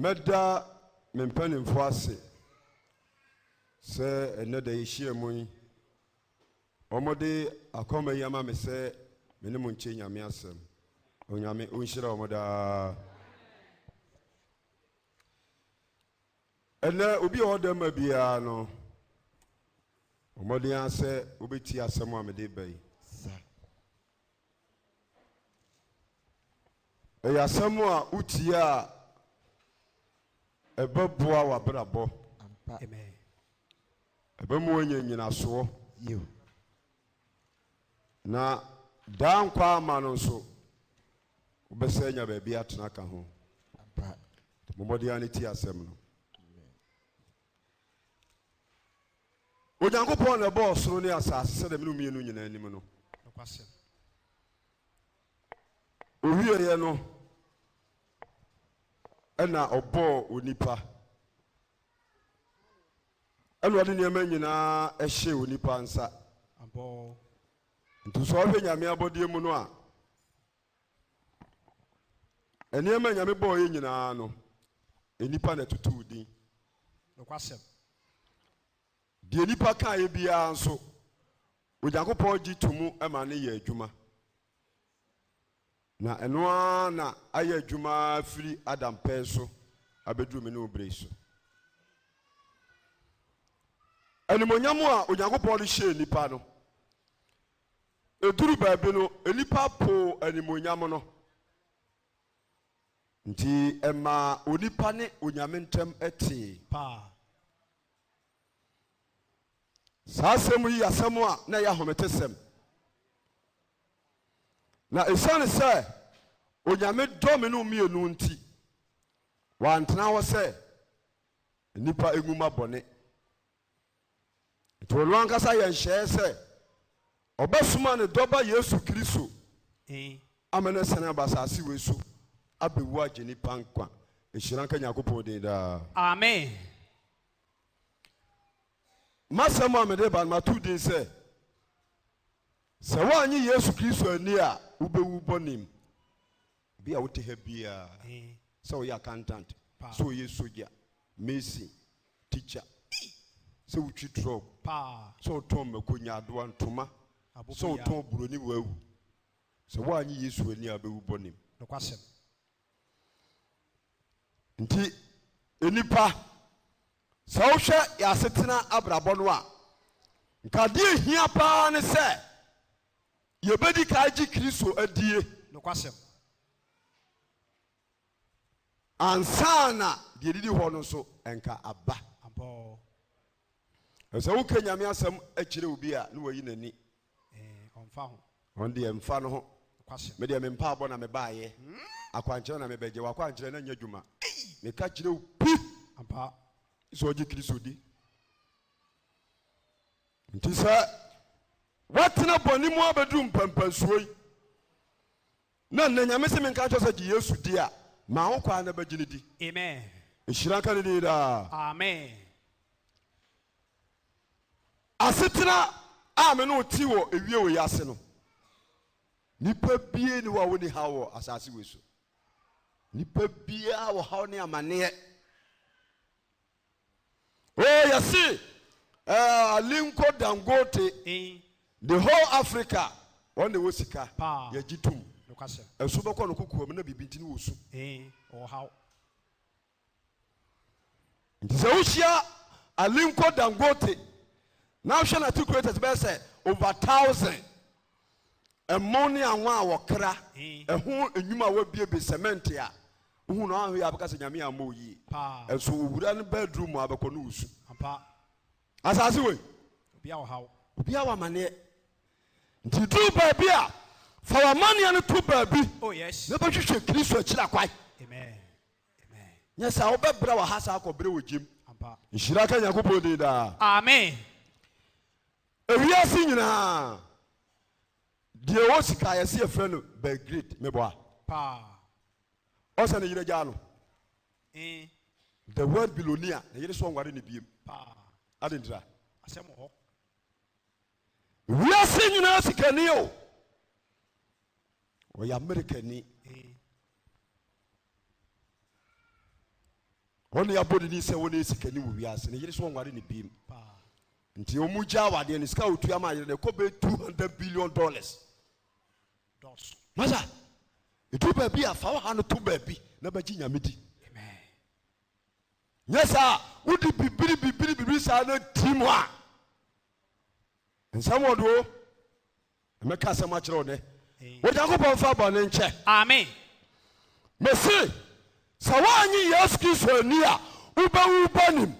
mɛda me mpanimfo ase sɛ ɛnɛ da yɛhyia mu yi wɔde akɔma yi ama me sɛ me ne mo nkye nyame asɛm onyame ɔnhyira wɔn daa ɛnɛ obi a ɔda ma biara no wɔde asɛ wobɛti asɛm a mede ba yi ɛyɛ asɛm a wotie a Ebe ɛbɛboa ebe mu wɔnya nyinasoɔ na daa nkwa ama no nso wobɛsɛ nya baabi atena ka ho mmɔmmɔdea ne ti asɛm no onyankopɔn na ɛbɔɔ soro ne asase sɛdeɛ mene mmienu nyinaa anim no no ɛna ɔbɔɔ onipa ɛna ɔde nneɛma nyinaa ɛhyɛ onipa nsa nti sɛ ɔhwɛ nyame abɔdeɛ mu no a nneɛma nyame bɔɔ yɛ nyinaa no nipa na ɛtutu din deɛ nipa kaa yɛ biara nso onyankopɔn gye to mu ma ne yɛ adwuma na ɛno ara na ayɛ adwuma firi adam pɛɛ so abɛduru me ne wo berɛ so animonyam a onyankopɔn no hyɛɛ nnipa no ɛduru baabi no nnipa poo animonyam no nti ɛmaa onipa ne onyame ntam tee saa asɛm yi asɛm a na ɛyɛ ahometesɛm na ɛsiane sɛ onyame dɔme no mmienu nti wantena hɔ sɛ nnipa nwuma bɔne nti ɔno ankasa yɛ nhyɛɛ sɛ ɔbɛsoma ne dɔba yesu Kristu. Eh. ama ne sene aba so abɛwu agye nnipa nkwa ɛhyira nka nyankopɔn din daa amen masɛm a mede ba no mato din sɛ sɛ woanye yesu kristo ani a wobɛwu bɔnem bi a wote ha biaa sɛ woyɛ accountant sɛ woyɛ sogya mason teacher sɛ wotwi drug sɛ wotɔn mmako nya adoa ntoma sɛ wotɔn buroni waawu sɛ woanye yesu ani a wobɛwu bɔnem nti nnipa sɛ wohwɛ yɛasetena abrabɔ no a nkadeɛ hia paa ne sɛ yɛbɛdi ka agye kristo adie nokwasɛm ansa na deɛ didi hɔ no nso ɛnka aba sɛ woka nyame asɛm akyerɛ wo bi a ne wayi n'ani eh, ɔn mfa no ho medeɛ mempaabɔ na mebaayɛ hmm? akwankyerɛ na mebɛgye wakwankyerɛ na nyɛ adwuma meka kyerɛ wo pi sɛ ɔgye kristo di nti sɛ woatena bɔne mu abɛduru mpampansuo yi na nnɛ nyame sɛ menka kyerɛ sɛ gye yesu di a ma wo kwaa na bɛgye di amen nhyira nka ne daa amen asetena a me ne ɔti wɔ ewie wɔ yi no nipa bie ne wɔ a wɔni ha wɔ asase wɔ so nipa biara wɔ haw ne amaneɛ o oh, yɛse ɛɛ eh, dangote. Eh the whole africa wọn na ɛwɔ sika yɛgye tom ɛso bɛkɔ no kokoa mu na biribi nti no wɔ su nti sɛ wohyia alinko dangote na ahwɛ na ti creators bɛyɛ sɛ over thousand ɛmo ne anwa a wɔkra ɛho enyuma a wɔabiebie cement a wohu na ɔahwɛ abɛka sɛ nyame ama oyie ɛso owura no bedroom a bɛkɔ no wɔ su asase wei obiara wɔ amanneɛ nti duru baabi a fa wɔmanneɛ no to baabi oh, na bɛhwehwɛ kristo akyiri akwae nyɛ sɛ wobɛbrɛ wɔ ha saa akɔbrɛ wɔ gyem nhyira ka nyankopɔn din daa amen ewiase nyinaa deɛ wɔ sika yɛse yɛfrɛ no belgrade meboa ɔsɛ ne yere gyaa no eh. the word bilonia ne yere sɛ ɔnware ne biem adentira asɛm hɔ wiase nyinaa sikani o ɔyɛ amerikani ɔne abɔdeni sɛ wɔne sikani wɔ wiase ne yere sɛ ɔnware ne biem nti ɔmu gya awadeɛ no sika ɔtua ma yere dɛ two hundred billion dollars masa ɛtu baabi a fa wo ha no to baabi na bɛgye nyame di nyɛ saa wode bibiri bibiri bibiri saa no tim a nsɛm wɔdoɔ mɛka asɛm akyerɛ wo dɛ onyankopɔn fa bɔne nkyɛ amen mese sɛ woanye yesu kristo ani a wobɛwu bɔnim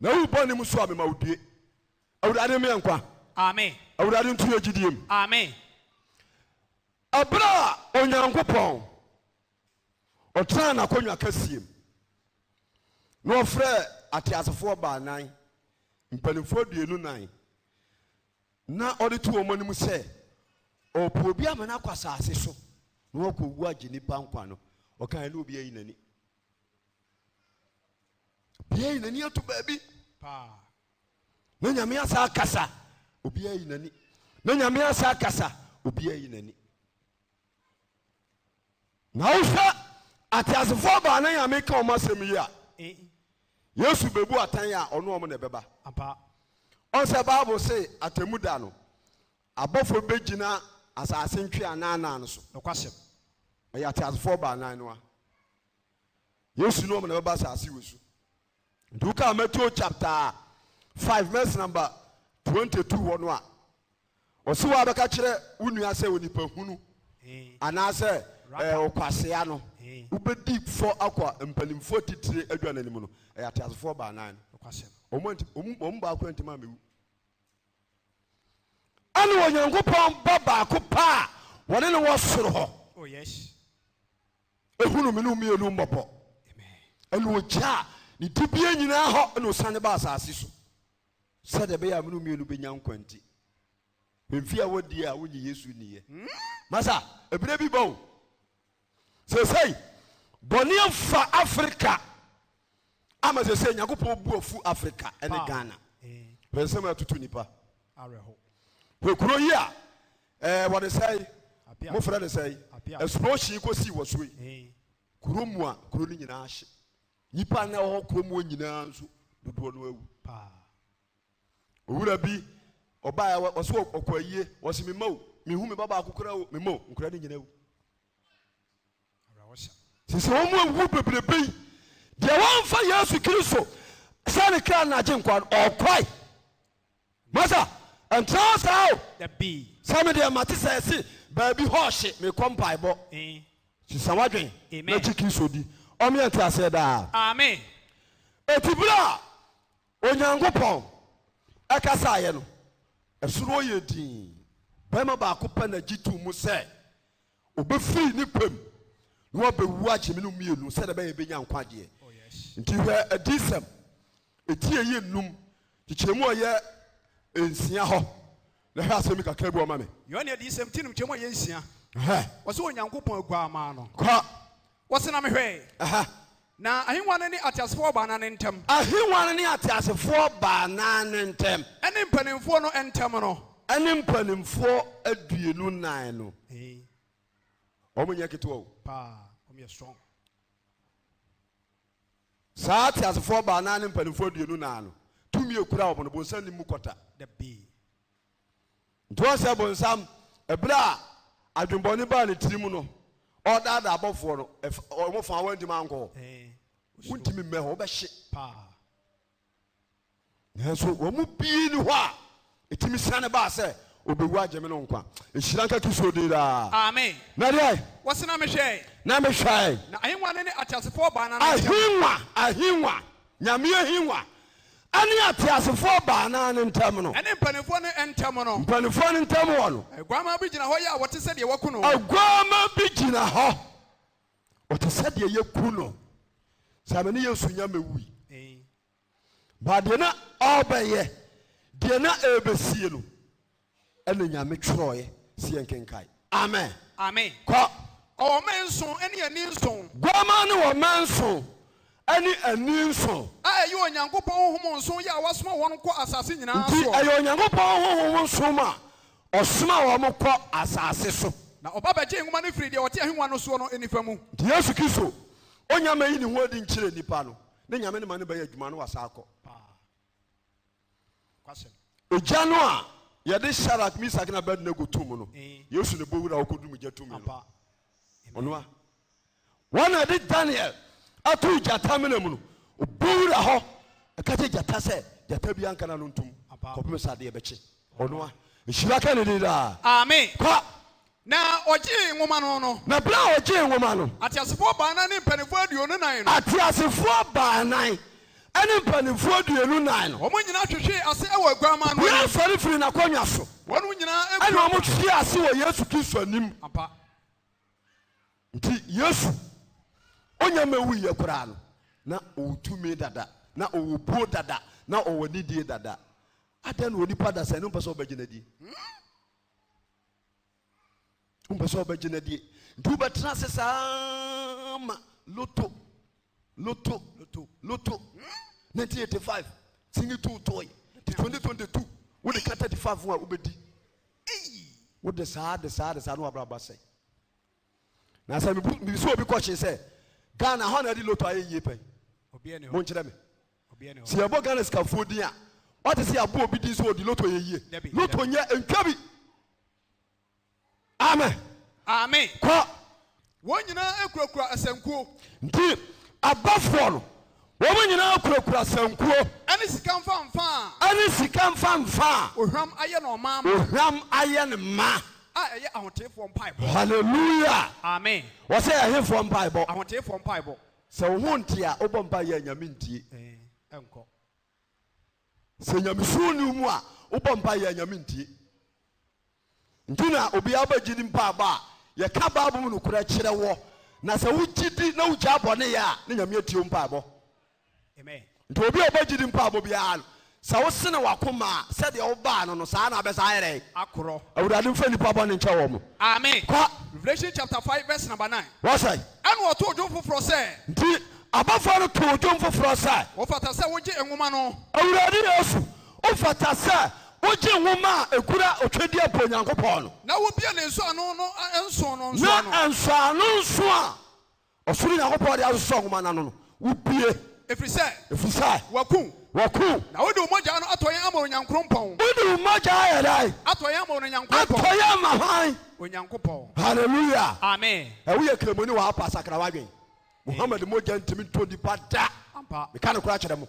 na wowu bɔnim so a mema wo due awurade meyɛ nkwa amen awurade nto yɛ gyidie mu amen ɛberɛ a onyankopɔn ɔtenaa n'akonnwa kasiem na ɔfrɛ ateasefoɔ baanan mpanimfoɔ duenu nan na ɔde tu wɔn anim sɛ ɔpɔ obi ama no akɔ asase so na wɔkɔ wu agye nipa nkwa no ɔkan ne obi ayi n'ani obi ayi n'ani ato baabi na nyame asa akasa obi ayi n'ani na nyame asa akasa obi ayi n'ani na wohwɛ ateasefoɔ baa na nyame ka wɔn asɛm yi a eh. yesu bebu atan a ɔno wɔn na ɛbɛba. ɔsɛ bible bụ atemu da no abɔfo bɛgyina asase ntwe anaanan no so nokwasɛm ɔyɛ ateasefoɔ baanan no a yesu no ɔma na bɛba asase wɔ so nti woka matthew chapter 5 vers number 22 hɔ no a ɔsi wɔ abɛka kyerɛ wo nua sɛ onipa hunu anaasɛ eh, ɔkwasea no wobɛdi fɔ akɔ mpanimfoɔ titire adwa n'anim no ɛyɛ ateasefoɔ baanan no ɔm baako ntoma mewu ɛne onyankopɔn ba baako pa a wɔne ne wɔ soro hɔ ɛhunu oh, me ne mmienu mmɔbɔ ɛne ɔgya a ne dibia nyinaa hɔ ɛne ɔsane ba asase so sɛdeɛ ɛbɛyɛ a me ne mmienu bɛnya nkwa nti mfi a wɔdi a wonye yesu nniɛ hmm? masa ɛberɛ bi bɔ o sɛsɛi bɔne afa afrika ama sɛ sɛ nyankopɔn bu afu africa ɛne ghana bɛnsɛm eh. atutu nipa kuro yi a ɛɛ eh, wɔde sɛe mofrɛ ne sɛe ɛsoro hyee kɔsii wɔ so eh. kuro mu a kuro no nyinaa hye nipa na ɛwɔ kuro mu nyinaa nso dodoɔ no awu owura bi ɔbaa ɔsɛ ɔkɔ ayie ɔsɛ mi ma o mi hu mi ba baako kura o mi ma nkura ne nyinaa awu sisi wɔn mu awu bebrebe yi deɛ wɔmfa yesu kristo sɛne kra nagye nkwa no ɔkwae masa ɛntena saa o sɛ medeɛ mate sɛ ɛse baabi hɔ hye mekɔ mpaebɔ eh. sisa woadwen nagye kristo di ɔmeɛ nte aseɛ daa ɛti berɛ a onyankopɔn ɛkasaeɛ no ɛsoro yɛ dii bɛrima baako pɛ n'agyi tu mu sɛ obɛfiri ne pam na wabɛwu agyemi no mmienu sɛdeɛ bɛyɛ bɛnya nkwagyeɛ nti hwɛ adisɛm eti eyi nnum kyekyeremu a ɔyɛ nsia hɔ na hwɛ asɛm kakra bi ɔma mi. yohane adisɛm ti nim kyeremu a ɔyɛ nsia. wɔsɛ onyankopɔn aguamaa no. kɔ. wɔsena mi hwɛɛ. na ahenwa no ne ateasefoɔ baanan ne ntɛm. ahenwa no ne ateasefoɔ baanan ne ntɛm. ɛne mpanimfoɔ no ntɛm no. ɛne mpanimfoɔ aduonu nan no. wɔn nyɛ ketewa o. paa wɔn yɛ strong. saa te asefoɔ baanaa ne mpanimfoɔ aduonu naa no tumi ekura wɔn no bonsam ne mu kɔta dabii ntoɔ sɛ bonsam ebere a adwembɔni baa ne tirim no ɔdaadaa abɔfoɔ no ɛf ɔmo fa wɔn ntoma ankɔ eh, wuntumi mmɛ hɔ ɔbɛhye paa nanso wɔn mu bii ni hɔ a etimi sani baa sɛ. obewu agyeme no nkwa ehyira nka kristo de daa. amen. na deɛ. wɔsi na mehwɛ. na na ahengua ne ne ateasefoɔ baa na. ahengua ahengua nyame ahengua ɛne ateasefoɔ baanaa ntam no ɛne mpanimfoɔ ne ntam no mpanimfoɔ ne ntam wɔ no aguama bi gyina hɔ yɛ a wɔte sɛdeɛ wɔku no aguama bi gyina hɔ wɔte sɛdeɛ yɛku no sɛ ame ne yɛsu nya mɛwui na ɔbɛyɛ deɛ na ɛbɛsie no ɛna nyame twerɛeɛ sɛ yɛ nkenkae amen amen kɔ ɔwɔ mɛ nson ɛne ani nson guama ne wɔ mɛ nson ɛne ani nson a ɛyɛ onyankopɔn honhom nson yɛ a wasoma wɔn kɔ asase nyinaa nti ɛyɛ onyankopɔn honhom nson a. ɔsoma wɔn kɔ asase so na ɔba bɛgye nwoma no firi deɛ ɔte ahengua no soɔ no nifa mu nti yesu kristo onyama yi ne ho adi nkyerɛ nnipa no ne nyame ne ma no bɛyɛ adwuma no wasa akɔ ogya no a yɛde sharak misak na abednego to mu no eh. yesu ne bowura wɔkɔdum gya tumi no ɔnoa wɔn a yɛde daniel ato gyata mena mu no obowura hɔ ɛka e kye gyata sɛ gyata bi anka na no ntom kɔpem sɛ adeɛ bɛkye ɔnoa nhyira e ka ne din daa amen kɔ na ɔgyee nwoma no no na bere a ɔgyee nwoma no ateasefoɔ baanan ne mpanimfoɔ aduonu nan no ateasefoɔ baanan ɛne mpanimfoɔ duonu nan no. wɔn nyinaa hwehwee ase ɛwɔ aguaman no. wia sɔre firi n'akɔnya so. wɔn nyinaa egu. ɛna wɔn hwehwee ase wɔ yesu kristu anim. apa. nti yesu onyama ewu yɛ koraa no na ɔwɔ tumi dada na ɔwɔ buo dada na ɔwɔ nidie dada adan na onipa da sɛ ɛnu mpɛ sɛ ɔbɛgyina die. mpɛ sɛ ɔbɛgyina die nti wobɛtena ase saa ma loto loto loto loto 1985 tingi tu tɔɔ ye twenty 2022 wo de ka 35 wa wo bɛ di wo de saa de saa de saa ne wa bala ba sɛ na sɛ bibi so obi kɔkye sɛ ghana hɔn na yɛ di loto ayɛ yie pɛn mo n kyerɛ mi si yɛ bɔ ghana sikafoɔ din a ɔte sɛ yɛ abo obi din so odi loto yɛ yie loto nyɛ ntwa amen amen kɔ wɔn nyinaa ekurakura asankuo nti abɔfoɔ no wɔn nyinaa kurakura sankuo. ɛne sika nfa nfa. ɛne sika nfa nfa. ohwam ayɛ no ɔmaa ma. ohwam ayɛ no ma. a ɛyɛ ahotefoɔ mpaebɔ. hallelujah. amen. wɔsɛ ɛhefoɔ mpaebɔ. ahotefoɔ mpaebɔ. sɛ wo ho nti a wobɔ mpa yɛ nyame ntie. Eh, ɛnkɔ. sɛ nyamesuo ne mu a wobɔ mpa yɛ nyame ntie. nti na obiara bɛgye ne mpaebɔ a yɛka baabu mu nokorɛ kyerɛ wɔ na sɛ wogye di na wogya bɔneyɛ a ne nyame atio mpaabɔ nti obi a wobɛgye di mpaabɔ biara no sɛ wosene wakoma a sɛdeɛ wobaa no no saa na abɛsa ayɛrɛ akorɔ awurade mfa nnipa bɔne nkyɛ wɔ mu amen revelation chapter 5 verse number 9 wɔsɛe ɛne ɔtoo dwom foforɔ sɛ nti abɔfoɔ no too dwom foforɔ sɛ wɔfata sɛ wogye nwoma no awurade yesu wofata sɛ wogye nwoma a ekura otwadi apo nyankopɔn no. na wobia ne nsoano no nson no na nsoano nso a ɔsoro nyankopɔn de asosɔ nwoma n'ano no wobie. efiri sɛ. efiri sɛ. wakun. wakun. na wode umogya no atɔ yɛn ama onyankoropɔn. wode umogya ayɛ dɛ. atɔ yɛn ama onyankoropɔn. atɔ yɛn ama hwan. onyankoropɔn. hallelujah. amen. ɛwu yɛ kiremoni wɔ apa asakarawa gbɛn muhammadu mogya ntumi ntɔ nipa da. mika ne kora kyerɛ mu.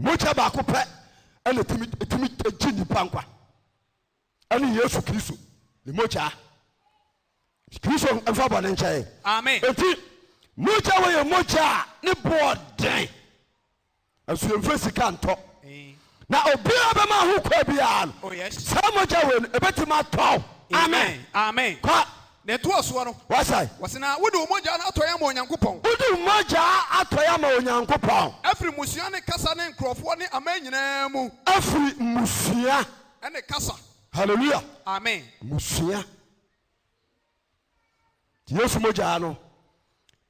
mogya baako pɛ ɛna ɛtumi gye nipa nkwa ɛne yesu kristo ne mogyaa kristo mfa bɔ ne nkyɛn amen eti mogya wɔ yɛ mogya a ne boɔ den asuomfɛ sika ntɔ na obiara bɛma ho kɔ biara no saa mogya wɔ no ɛbɛtumi atɔ amen amen kɔ na ɛtoa soɔ no wasae wɔsena wode wo mogya no atɔ yɛ ma onyankopɔn wode mogya atɔ yɛ ma onyankopɔn ɛfiri mmusua ne kasa ne nkurɔfoɔ ne ama nyinaa mu ɛfiri mmusua ɛne kasa Hallelujah. amen mmusua nti yesu mogya no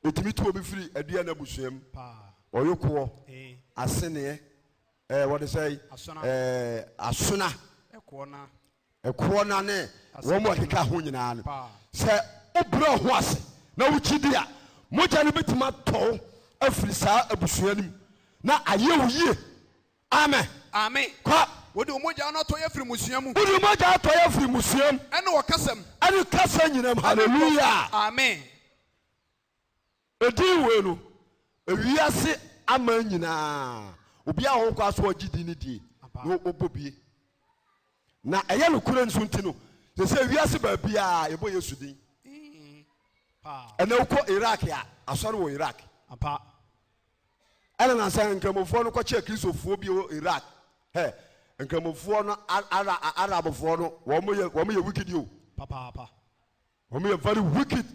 ɛtumi to obi firi adua no abusua mu ɔyokoɔ eh. aseneɛ ɛɛ wɔde sɛ ɛɛ asona ɛkoɔ na ne wɔn mu ɔkeka ho nyinaa no sɛ wobrɛ ho ase na wokyidi a mogya no bɛtumi atɔw afiri saa abusua no mu na ayɛ wo yie amen amen kɔ wode mogya no atɔyɛ afiri musua mu wode mogya atɔyɛ afiri musua mu ɛne wɔkasam ɛne kasa nyinam halleluya amen ɛdin wei no ewiase ama nyinaa obi a wɔnkɔ aso ɔgye di ne die na wɔbɔ bie na ɛyɛ no kura nso nti no te sɛ wiase baabiaa yɛbɔ yesu din ɛnɛ wokɔ irak a asɔre wɔ irak ɛna nansa nkramofoɔ no kɔkyɛ kristofoɔ bi wɔ irak hɛ nkramofoɔ no arabfoɔ no wɔn yɛ wicked o wɔn yɛ very wicked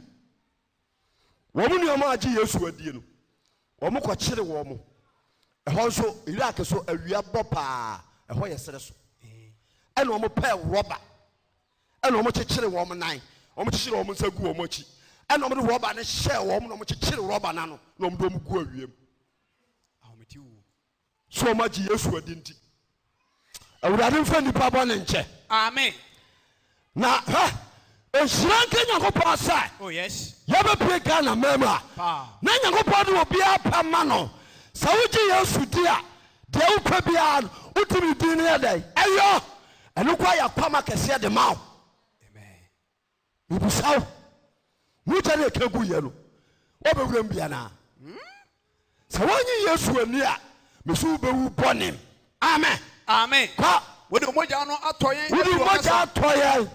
wɔn nneɛma agye yesu adie no wɔn kɔkyere wɔn mo ɛhɔ nso irak so awia bɔ paa ɛhɔ yɛ sere so ɛna wɔn pɛɛ rɔba. ɛna wɔn kyekyere wɔn nan wɔn kyekyere wɔn nsa gu wɔn akyi ɛna wɔn de rɔba no hyɛ wɔn na wɔn kyekyere rɔba no ano na wɔn de wɔn gu awiam so wɔn agye yesu adi nti awurade nfa nipa bɔ ne nkyɛ amen na hɛ nsira nke nyankopɔn sɛ oh, yɛbɛpie ghana mɛma na nyankopɔn de obiara pɛ ma no sɛ wogye yesu di a deɛ wopɛ biara no wotumi din no yɛ dɛn ɛyɔ ɛno kɔ yɛ kwama kɛseɛ de ma wo bibisawo mogya ne ɛka gu yɛ no wobɛwuram bianaa sɛ wonye esu ani a meso wobɛwu bɔnem amen amen kɔ wode mogya no atɔ yɛn wode mogya atɔ yɛn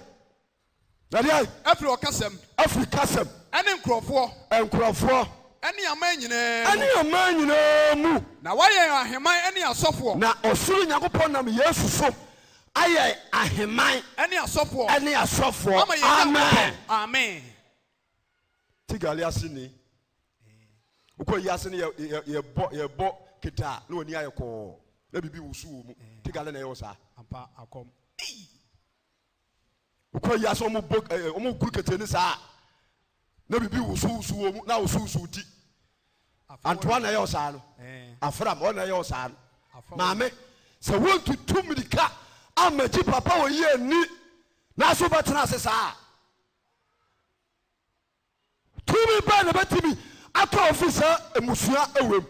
nadeɛ afiri ɔkasɛm afiri kasɛm ɛne nkurɔfoɔ nkurɔfoɔ ɛne aman nyinaa ɛne aman nyinaa mu na wayɛ aheman ɛne asọfọ. na ɔsoro nyankopɔn nam yesu ayɛ aheman ɛne asɔfoɔ ɛne asɔfoɔ amen amen ti gali ase ni okɔ yi ase ni yɛ yɛ bɔ yɛ bɔ kita na oni ayɛ kɔɔ na bibi wusu wɔ mu eh. ti gali na yɛ wɔ saa apa akɔm okɔ yi ase ɔmo bɔ ɛɛ eh, ɔmo kuru kete ni saa na bibi wusu wusu wɔ mu na wusu wusu ti antoa na yɛ wɔ saa no eh. afra ma ɔna yɛ wɔ saa no maame sɛ wɔntutu mirika amagyi papa wɔ yi ani nanso wobɛtena ase saa tumi bɛɛ na bɛtumi atɔ wɔ firi saa mmusua awom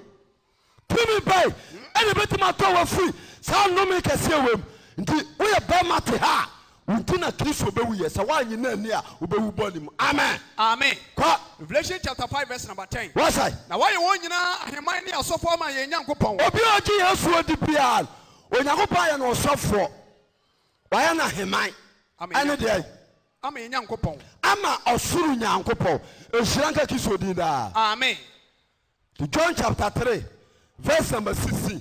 tumi bɛɛ ɛna bɛtumi atɔ wɔ firi saa nnome kɛseɛ awom nti woyɛ bɛrima te ha a wonti na kristo bɛwu yɛ sɛ woanyi na ani a wobɛwu bɔne mu amen amen kɔ revelation chapter 5 verse number 10 wɔsae na woayɛ wɔn nyinaa ahemman ne asɔfoɔ ma yɛn nyankopɔn obi a ɔgye yɛn asuo di biara onyankopɔn ayɛ no ɔsɔfoɔ wayɛ no heman ɛne deɛ ama ɔsoro nyankopɔn ɛhyira nka kristo din daa amen john chapter three, verse number sixteen.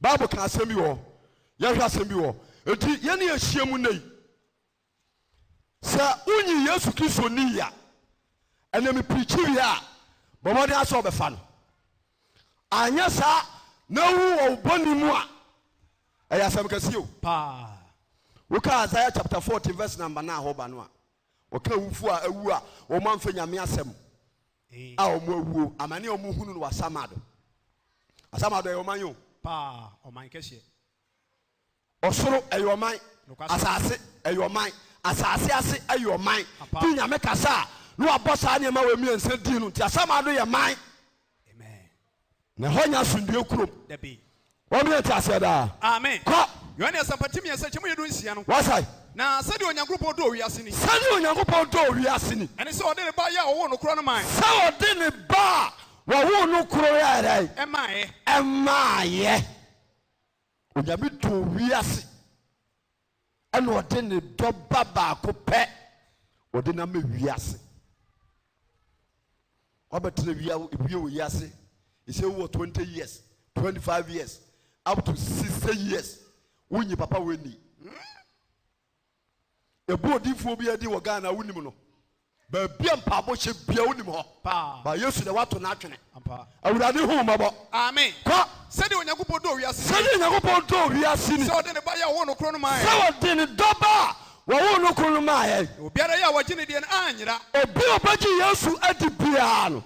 bible ka asɛm bi wɔ yɛhwɛ asɛm bi wɔ enti yɛne yɛhyia mu nnei sɛ wonyi yesu kristo ni a ɛnam pirikyi a bɔmmɔden asɛ ɔbɛfa no anyɛ saa na wu wɔ wo bɔne mu a ɛyɛ asɛm kɛseɛ o paa woka Isaiah chapter 14 verse number na ahoba no a woka wufu a awu a wɔn amfa nyame asɛm eh. a wɔn awuo amane a wɔn hunu no wasamado asamado ɛyɛ ɔman yi o paa ɔman kɛseɛ ɔsoro ɛyɛ ɔman asase ɛyɛ ɔman asase ase ɛyɛ ɔman ti nyame kasa ne wabɔ saa nneɛma wɔ dii no nti asamado yɛ man na ɛhɔ nya asundue kurom wɔn mmiɛnsa aseɛ daa kɔ. yohane asampati mmiɛnsa kyɛ mu yɛ du nsia no wasae na sɛdeɛ onyankopɔn dɔ owiase ni sɛdeɛ onyankopɔn dɔ owiase ni ɛne sɛ ɔde ne ba yɛ a ɔwoo no korɔ no mae sɛ ɔde ne ba a wɔwoo no korɔ yɛ ɛmaayɛ e ɛmaayɛ e onyame dɔ owiase ɛna ɔde ne dɔ baako pɛ ɔde nam ewiase wabɛtena wie wɔ ɛsɛ wowɔ 20 years 25 years up to 60 years wonyi papa woni ebu odiifoɔ bi adi wɔ ghana wonim no baabi a mpaabɔ hyɛ bia wonim hɔ ba yesu de wato n'atwene awurade hu mabɔ amen kɔ sɛdeɛ onyankopɔn dɔ wiase sɛdeɛ onyankopɔn dɔ wiase ni sɛ ɔde ne ba yɛ ɔwɔ no korɔ no maa sɛ ɔde ne dɔba a wɔwɔ no korɔ no obiara yɛ a wɔgye ne deɛ no anyera obi a ɔbɛgye yesu adi biara no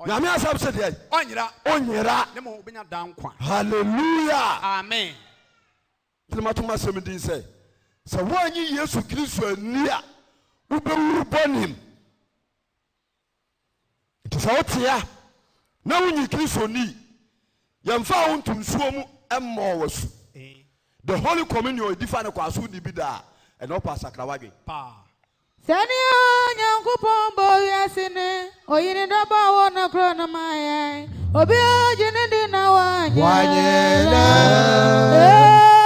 nyame asɛm sɛ deɛ ɔnyera ɔnyera ne ma wobɛnya da nkwa hallelujah amen ntimatom asɛm din sɛ sɛ woanyi yesu kristo ani a wobɛwuru bɔnem nti sɛ wotea na wonyi kristo nii yɛmfa wo ntomsuo mu mmɔɔ wɔ su eh. the holy communion ɛdi fa ne kɔ aso wodi bi daa ɛna ɔpɛ asakrawadwe sani onyankopɔn bɔ wiase ne oyini dɔbɔ wɔ no korɔ no ma yɛn obi ogye ne di na wanyɛ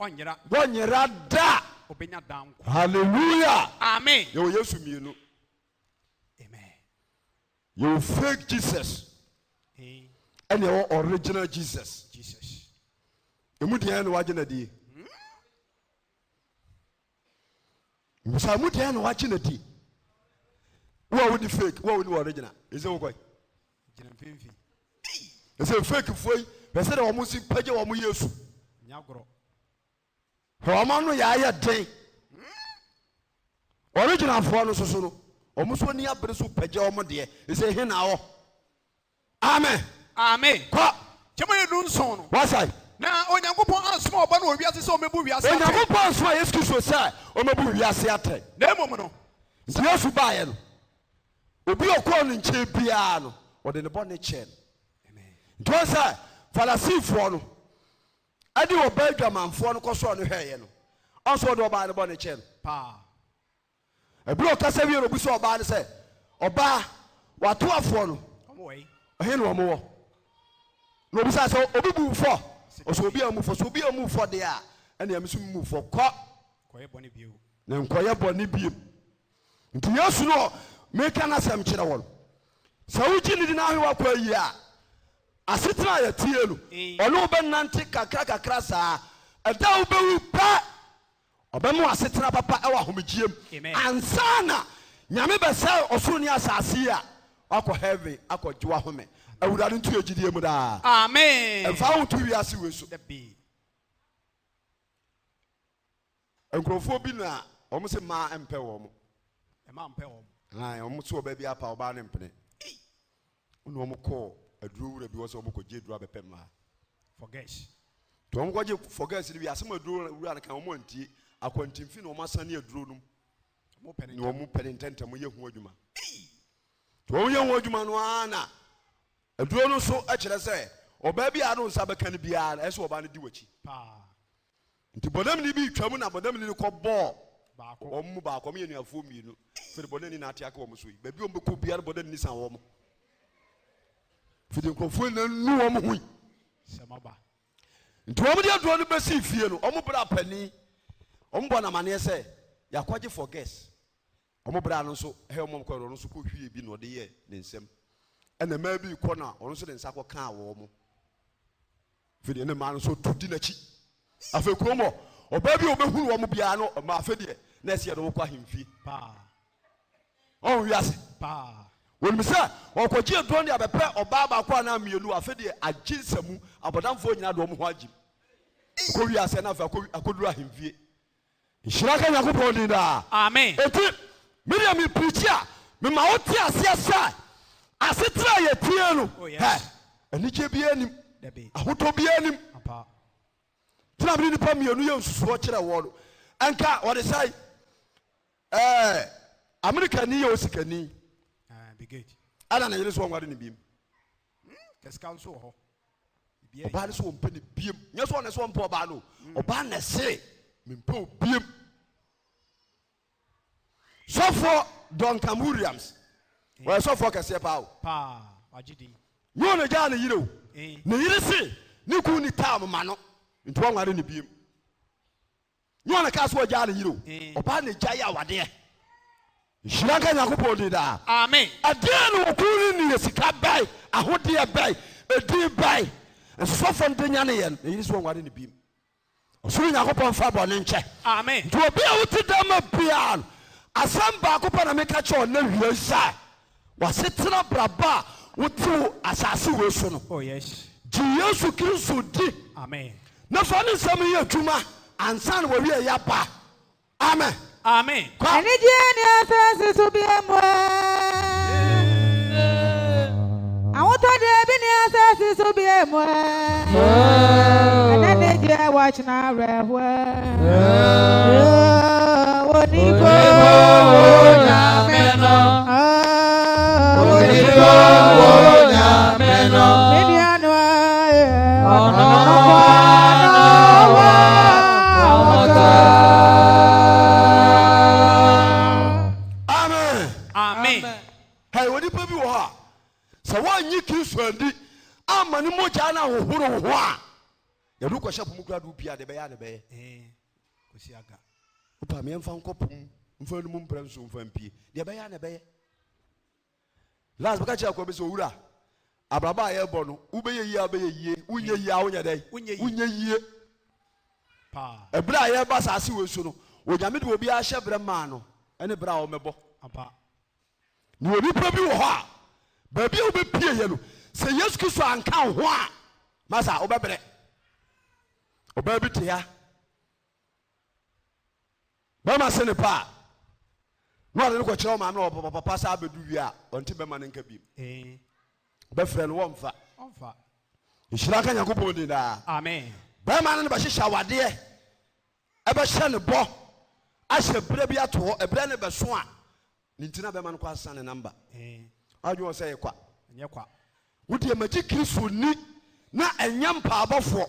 ɔnyera wɔnyera da obɛnya dan ko hallelujah amen yɛwɔ yesu mmienu amen yɛwɔ fake jesus ɛne ɛwɔ original jesus jesus emu deɛ na wagye na die hmm? musa emu deɛ na wagye die wo a wodi fake wo a wodi original ɛsɛ wokɔe gyina mfimfini ɛsɛ fake foɔ yi bɛsɛ dɛ wɔn si pɛgye wɔn yesu nyagorɔ ɔma no yɛayɛ den ɔregyinafoɔ no soso no ɔmo so ani abere so pagya ɔmo deɛ ɛsɛ hena wɔ amen amen kɔ kyɛmɛ yɛ du nson no wasae na onyankopɔn asoma ɔba no owiase sɛ ɔmɛbu wiase atɛ onyankopɔn asoma yesu kristo sɛ ɔmɛbu wiase atɛ na mmom no sɛ yesu baeɛ no obi ɔkɔɔ no nkyɛn biara no ɔde ne bɔ ne kyɛn no nti Falasi sɛ no ɛde ɔbaa adwamanfoɔ no kɔsɔɔ no hwɛeɛ no ɔnso ɔde ɔbaa no bɔ ne kyɛn paa ebile ɔkasa wie na obi sɛ ɔbaa no sɛ ɔbaa watoafoɔ no ɔhe na ɔmo wɔ na obi sɛ sɛ obi bu fɔ ɔsɛ obi amu fɔ sɛ obi amu fɔ deɛ a ɛna ɛmu so mu fɔ kɔ na nkɔyɛ bɔ ne biem nti yesu no meka no asɛm kyerɛ wɔn sɛ wogye ne di n'ahewa kɔ ayi a asetena a yɛtie no ɔne kakra kakra saa ɛda wobɛwu pɛ ɔbɛma asetena papa ɛwɔ ahomegyiem ansa na nyame bɛsɛ ɔsoro ne asase yi a wakɔ heaven akɔ gye wahome awurade nto yɛgyidie mu daa amen ɛmfa wo to wiase wei so nkurɔfoɔ bi na ɔmo sɛ maa mpɛ wɔ mo ɔmo so ɔbaa apa ɔbaa ne mpene wone ɔmo kɔɔ aduro wura bi wɔ sɛ wɔmɔkɔgye duro abɛpɛ mmaa forgets to wɔn kɔgye forgets no bi asɛm aduro wura no ka wɔn antie akwantinfin na wɔn asane aduro no mu na wɔn pɛne ntɛntɛn mu yɛ ho adwuma to wɔn yɛ ho adwuma no ara na aduro no so kyerɛ sɛ ɔbaa bi a no nsa bɛka no biara ɛsɛ ɔbaa no di wɔkyi nti bɔdɛmni bi twam na bɔdɛmni no kɔ bɔɔ wɔn mu baako wɔn yɛ nuafoɔ mmienu firi bɔdɛmni na ate aka wɔn so yi baabi wɔn bɛkɔ biara bɔdɛmni san wɔn fiti nkurɔfoɔ na nu wɔn ho yi nti wɔn de aduane bɛsi fie no wɔn bra panin wɔn bɔ namaneɛ sɛ yakɔgye for guest wɔn bra no nso ɛhɛ wɔn kɔ ɔno nso kɔ hwie bi na ɔde yɛ ne nsam ɛna mmaa bi kɔ na ɔno nso de nsa kɔ kaa wɔn fiti ne mmaa no nso tu di n'akyi afei kurom hɔ ɔbaa bi a ɔbɛhuru wɔn biara no ɔmaa afei deɛ nɛɛsi yɛ no wɔkɔ ahemfie ɔn wiase paa wɔnim sɛ wɔkɔgye aduɔ ne abɛpɛ ɔbaa baako anaa mmienu afei deɛ agye nsɛmu abɔdamfoɔ nyinaa de wɔn ho agye kɔwie asɛ no afei akɔduru ahemfie nhyira ka nyankopɔn din daa amen enti medeɛ mi a mema wote aseɛ sɛ asetera a yɛtie no hɛ anigye biara nim ahotɔ biara nim tena mene nipa mmienu yɛ nsusuɔ kyerɛ wɔ no ɛnka wɔde sɛ ɛɛ amerikani yɛ osikani Abigail. Ada na yere so ɔnware ne biem. Hmm? Kɛsika nso wɔ hɔ. Ɔbaa ne so ɔmpɛ ne biem. Nyɛ so ɔne so ɔmpɛ ɔbaa no. Ɔbaa na ɛsere mempɛ obiem. Sɔfo Duncan Williams. Wɔyɛ eh. sɔfo kɛseɛ paa o. Paa wagye di. Nyɛ ɔne gyaa ne yere o. Eh. Ne yere se ne kun ni taam ma no nti wɔnware ne biem. Nyɛ ɔne kaa so ɔgyaa ne yere o. Eh. Ɔbaa na gyaa yɛ awadeɛ nhyira nka nyankopɔn di daa amen adeɛ no wɔkuru no niyɛ sika bɛe ahodeɛ bɛe ɛdin bɛe nsɔfo nde nya ne yɛ no ɛyiri sɛ wɔnware ne bim ɔsoro nyankopɔn fa bɔne nkyɛ amen nti obi a wote da ma biaa no asɛm baako pɛ na meka kyɛ ɔna wie sɛ wɔasetena braba a wotew asase wei so no oh, gye yesu kristo di na fa ne nsɛm yɛ adwuma ansa na wɔwie yɛ aba amen Amen. Anigye ni afɛnsi so bi emu ɛ. Ahotɔde bi ni afɛnsi so bi emu ɛ. Ɛna ne gye wɔkyena awurɛ hɔ ɛ. Oniko nyame no. Oniko nyame no. Nínú àná ẹ̀. Ọ̀nà ọ̀nà ọ̀nà ọ̀nà ọ̀nà ọ̀nà. yesu ama ne mogya no ahohoro wo a yɛde kɔhyɛ po mu kora de de bɛyɛ a de bɛyɛ wopa meɛmfa nkɔ po mfa no mu mprɛ nso mfa mpie deɛ bɛyɛ a ne bɛyɛ las bɛka kyerɛ akɔ sɛ owura abraba a yɛbɔ no wobɛyɛ yie a wobɛyɛ yie wonyɛ yie a wonyɛ dɛn wonyɛ yie ɛberɛ a yɛba asase wɔ so no onyame de obi ahyɛ berɛ maa no ɛne berɛ a wɔmɛbɔ na onipa bi wɔ hɔ a baabi a wobɛpie yɛ no sɛ yesu kristo anka ho a masa wobɛbrɛ ɔbaa bi te ha bɛma se ne pa a na ɔde no kɔkyerɛ ɔmaa na ɔpapapa saa bɛdu wie a ɔnte bɛma no nka bim eh. bɛfrɛ no wɔmfa nhyira nka nyankopɔn din daa bɛma no no bɛhyehyɛ awadeɛ ɛbɛhyɛ ne bɔ ahyɛ berɛ bi ato hɔ ɛberɛ ne bɛso a ne ntina bɛma no kɔ asa ne namba eh. adwene wɔ sɛ yɛ kwa wodeɛ magye kristo ni na ɛnyɛ mpaabɔfoɔ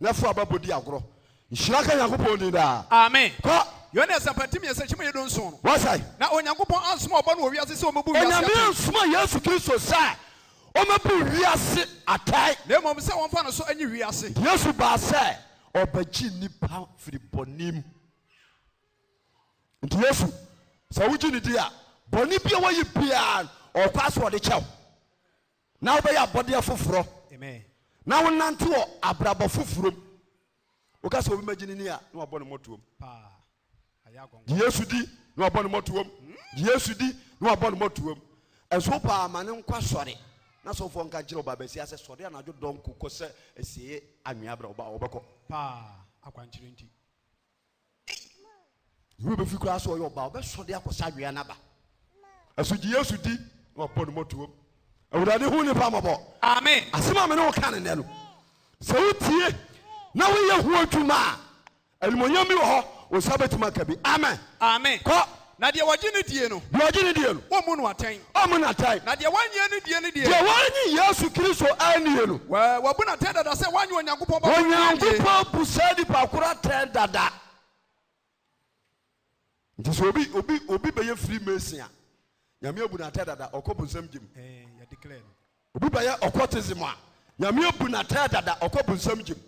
na fo ababɔ di agorɔ nhyira ka nyankopɔn din daa amen kɔ yohane asampa tim yɛsɛ kyima yɛdo nson no wasae na onyankopɔn ansoma ɔbɔ no wɔ wiase sɛ ɔmɛbu wiase onyame ansoma yesu kristo sɛ ɔmɛbu wiase atae na mmom sɛ wɔmfa no so anyi wiase yesu baa sɛ ɔbɛgye nnipa firi bɔnem nti yesu sɛ wogye ne di a bɔne bia wayi biaa ɔkɔ asɛ ɔde kyɛw na wobɛyɛ abɔdeɛ foforɔ na wonante wɔ abrabɔ foforom woka sɛ obi magyine ni a na wabɔ ne mmɔtoom gye yesu di na wabɔ ne mmɔtoom gye yesu di na wabɔ ne mmɔtoom ɛso paa ma ne nkɔ sɔre na sɔfoɔ nka kyerɛ ɔba bɛsi asɛ sɔre anadwo dɔnko kɔ sɛ ɛsie anwea brɛ ɔba wɔbɛkɔ akwankyerɛ nti wúwo bɛ fi kura sɛ ɔyɛ ɔba ɔbɛ sɔre akɔ sɛ anwea naba ɛso gye yesu di na wabɔ ne mmɔtoom awurade hu nipa mɔbɔ amen asɛm a me ne wo ka ne nɛ no na woyɛ ho adwuma a animonyam bi wɔ hɔ wo sa bɛtumi aka amen amen kɔ na deɛ wɔgye ne die no deɛ wɔgye ne die no wɔmmu no atɛn ɔmmu no atɛn na deɛ wɔanyɛ ne die no deɛ deɛ wɔanye yesu kristo annie no wɔbu no atɛn dada sɛ woanyɛ onyankopɔn ba onyankopɔn bu nipa koro atɛn dada nti sɛ obi obi obi bɛyɛ firi mesia nyame abu no dada ɔkɔ bonsam gyem obi bɛyɛ ɔkɔtism a nyame abu natɛ dada ɔkɔ bu nsɛm gyem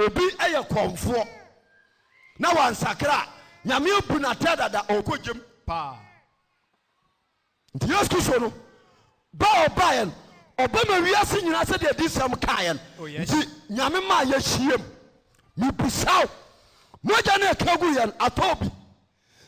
obi yɛ kɔmfoɔ na wansakra a nyame abu natɛ dada ɔkɔ jim. nti yesu kristo no ba ɔbaeɛ no ɔbɛma wiase nyinaa sɛdeɛ di sɛm kaeɛ no oh, nti nyame maa yɛhyiam mebusaw mogya ne ɛka gu atɔ bi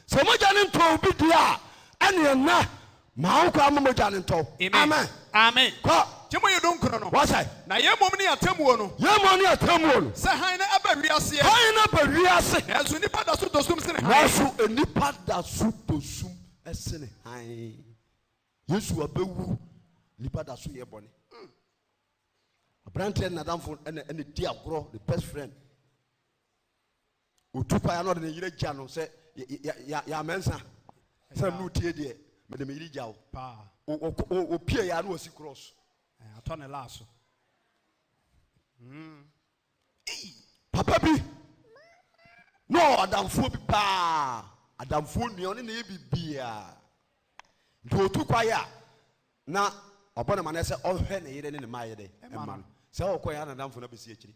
sɛ mogya ne ntɔw bi deɛ a ɛneɛ nna maa wokɔ ama mogya ne ntɔw amen amen kɔ tí mo yẹ dun kunu no. wọ́sẹ̀. na yẹ mọ̀ ní àtẹ̀muwò no. yẹ mọ̀ ní àtẹ̀muwò no. sẹ hàn ní abẹ wíyásí yẹ. hàn ní abẹ wíyásí. nẹ̀sùn nípa dasu tosum sini hàn. nẹ̀sùn nípa dasu tosum sini hàn. yéésù abẹ́wu nípa dasu yẹ bọ̀ ni. abiranteɛ nadamfo ɛna ɛna di agorɔ the best friend. otu paya náà de ne yire gya no sɛ yà yà yà mẹ́nsa n'u tie deɛ mede o o o opie ya ne si cross atɔ ne laa so hmm. papa bi No ɔdamfoɔ bi paa adamfoɔ nnua ɔne na yɛ bibia nti ɔtu kwaeɛ a na ɔbɔ ne ma no sɛ ɔhwɛ ne yere ne ne ma yere ma no sɛ ɔkɔ yɛ anadamfo no bɛsi akyiri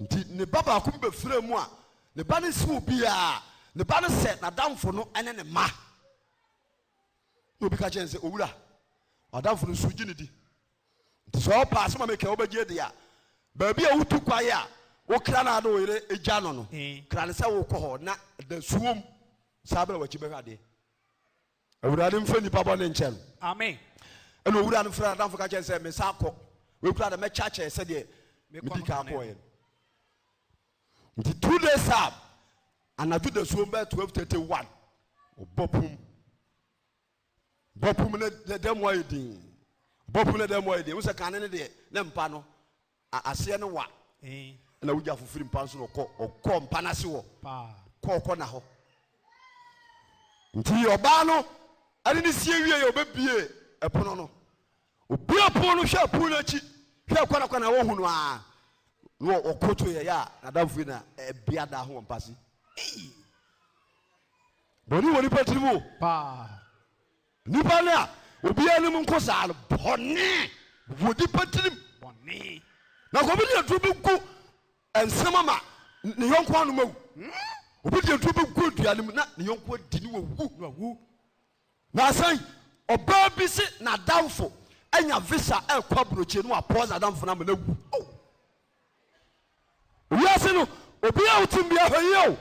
nti ne ba baako bi bɛfirɛ mu a ne ba no si wo bia ne ba no sɛ nadamfo no ne ne ma obi ka kyɛn sɛ owura ɔdamfo no nsu gyi ne di nti sɛ ɔpa asɛm a meka wobɛgye de a baabi a wotu kwae a wokra no ade woyere gya no no eh. kra ne sɛ wokɔ hɔ na da suom saa berɛ wakyi bɛhwɛ adeɛ awurade mfa nnipa bɔ ne nkyɛ no amen ɛna owura no frɛ adamfo ka kyɛn sɛ me sa akɔ wekura de mɛkyakyɛ sɛdeɛ medi ka akɔɔyɛ no nti two days a anadwo da suom bɛɛ 1231 ɔbɔ pum bɔpum ne dɛm ayɛ din bɔpum ne din ne deɛ ne mpa no aseɛ ne wa eh. na wogya fofiri mpa so na ɔkɔ ɔkɔ mpa na hɔ nti ɔbaa no ɛne ne sie wie yɛ ɛpono no obia no hwɛ wɔhu no na ɔkɔ a na ɛbia ho wɔ mpa se eh. wɔ nipa paa nnipa no a obiaa nom nkɔ saa no bɔne nipa tirim bɔne na kɔ obi de aduro bi gu nsɛm ama ne yɔnko anom awu hmm? obi de aduro bi gu aduane mu na ne yɔnko adi ne wawu na asɛn ɔbaa bi se n'adamfo anya visa ɛkɔ aburokyi no apɔs n'adamfo no ama no awu wiase no obi a wotum bi ahɔ yi o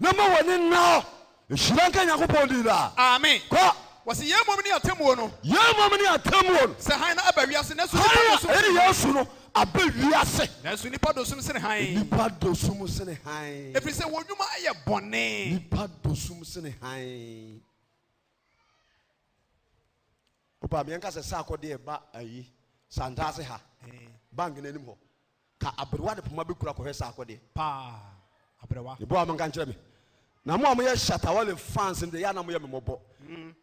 na ma wɔ ne nnaa ehyira nka di la kɔ. Wasi yɛn mɔmu ni atemuo no. yɛn mɔmu ni no. sɛ han na aba wiase na esu nipa do sum. ɛni yɛn su no aba wiase. na esu nipa do sum sini han. nipa do sum sini han. efiri sɛ wɔn nyuma yɛ bɔnne. nipa do sum sini han. o pa miɛnka sɛ ba ayi santaase ha eh. banki n'anim hɔ ka abiriwa de puma bi kura kɔhɛ saako de. paa abiriwa. ibo a man kan kyerɛ mi na mu a moyɛ shatawale fans no de yɛ ana moyɛ memɔbɔ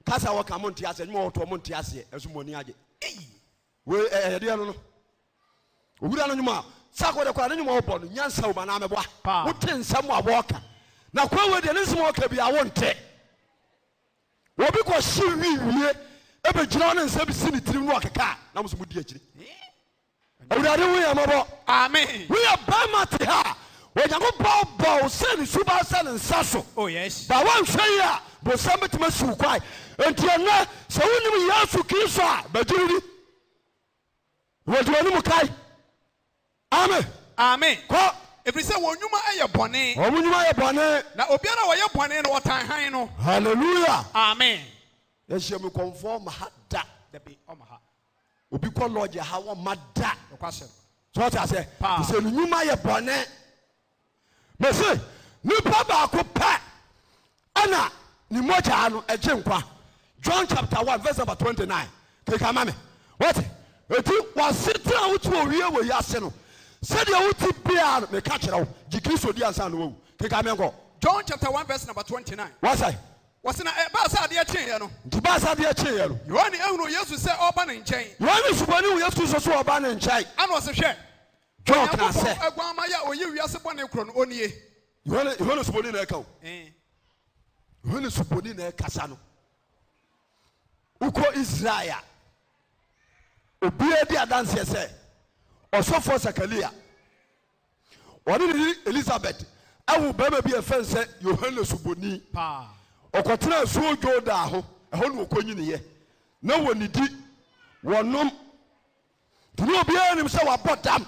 kasa wɔka mu nte aseɛ nwuma wɔtɔ mo nte aseɛ ɛso mɔni agye wei ɛyɛdeɛ no no owura no nwuma a sako de kora ne nwuma wɔbɔ no nyansa wo ma na amɛboa wote nsɛm a wɔɔka na kwan wei deɛ ne nsɛm wɔka bi a wonte obi kɔ hye wiwie ɛbɛgyina wo ne nsɛm si ne tirim no wɔkeka a na mo so modi akyiri awurade eh? woyɛ mɔbɔ amen woyɛ bɛma te ha onyankopɔn bɔ wo sɛ ne suba sɛ ne nsa so oh, ba woanhwɛ yi a bosam bɛtumi asiw kwae enti ɛnɛ sɛ wonim yesu kristo a bagyiridi wɔdi ɔne mu kae ame ame kɔ ɛfiri sɛ wɔn nnwuma yɛ bɔne wɔn nnwuma yɛ bɔne na obiara wɔyɛ bɔne no wɔtan hann no hallelujah amen yɛhyɛ me kɔmfoɔ ma ha da dabi ɔma ha obi kɔ lɔɔgye ha wɔma da sɛ ɔte asɛ sɛ ne nnwuma yɛ bɔne mese nipa baako pɛ ɛna ne mogyaa no ɛgye nkwa john chapter one, verse number 29 keka ma me wɔte ɛti wasetena a wotu owie wɔ yi ase no sɛdeɛ wote biaa no meka kyerɛ wo gye kristo di ansa na wawu keka me nkɔ john chapter one, verse number twenty nine. 29 wɔsɛe wɔsena ɛbaa eh, sɛ adeɛ kyeeɛ no nti baa sɛ adeɛ kyeeɛ no yohane ahunu yesu sɛ ɔba ne nkyɛn yohane subɔne hu yesu sɛ so ɔba ne nkyɛn ana ɔse hwɛ john ọkụ sɛ. ɛgbɔn ama yɛ oyi wiase bɔ ne kuro no o na ɛka eh. yohane na ɛkasa no wokɔ israel a obiara di ese sɛ ɔsɔfoɔ sakalia wani ne elizabeth ewu bebe bi efe nse yohane suboni ɔkɔtena suo dwo daa ho ɛhɔ na ɔkɔ na wɔ di wɔnom. ne obiara nim sɛ wabɔ dam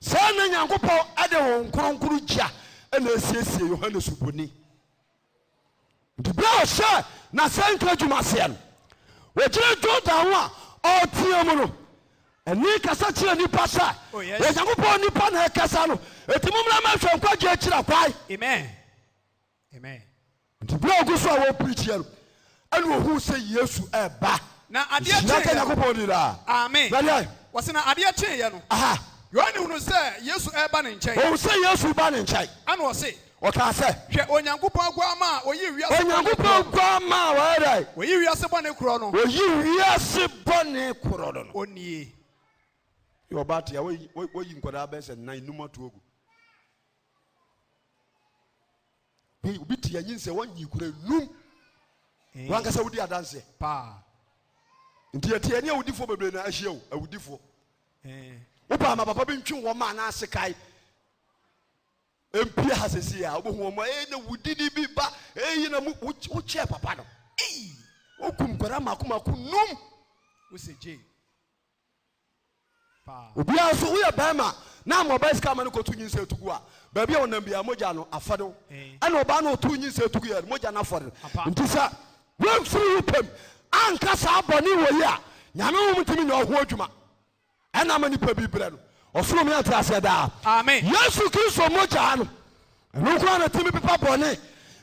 saa na nyankopɔn ɛde wɔn nkronkro gya ɛna asiesie yohane suboni nti berɛ ɔhyɛ na sɛ nka adwuma seɛ no wɔgyina jordan ho a ɔteɛ mu no ɛne kasa kyerɛ nnipa sɛ onyankopɔn oh, nnipa na ɛkasa no ɛti mommra ma hwɛ nkwagye akyira kwae nti berɛ ɔgu so a wɔpirikyiɛ no ɛne ɔhuu sɛ yesu ɛba nyankopɔn di daa Wasi na adeɛ kyen yɛ no yohane hunu sɛ yesu ɛreba ne nkyɛn ohun sɛ yesu ba ne nkyɛn ɛna ɔsi ɔka sɛ hwɛ onyankopɔn guama a oyi wiase onyankopɔn guama a wɔyɛ dɛ oyi wiase bɔ ne korɔ no oyi wiase bɔ ne korɔ no onie yɛ ɔbaa tia woyi nkwadaa bɛyɛ sɛ nan num ato ogu obi tia nyi nsɛ wɔnyi kura num eh. wankasa wodi adanseɛ paa nti yɛte ɛne awudifoɔ bebree na ahyia wo awudifoɔ eh. wopa ama papa bi ntwe wɔ ma anaa sekae mpie ha sɛsi a wobɛhu ɔma ɛna wudidi bi ba ɛyi na wokyɛɛ papa no wokum kwara maakomako num wosɛ gye obiara nso woyɛ bɛrima na ama ɔbaa sika ama no kɔto nyinsɛ tugu a baabi a ɔnam bia mogya no afɔde eh. ɛna ɔbaa no ɔto nyinsɛ tugu yɛ mogya no afɔde nti sɛ wamfiri wo pam anka saa bɔne wɔyi a nyame wom tumi ne ɔho adwuma ɛnama nipa bi berɛ no ɔsoro me ate aseɛ daa yesu kristo mogyaa no ɛno koa na tumi pepa bɔne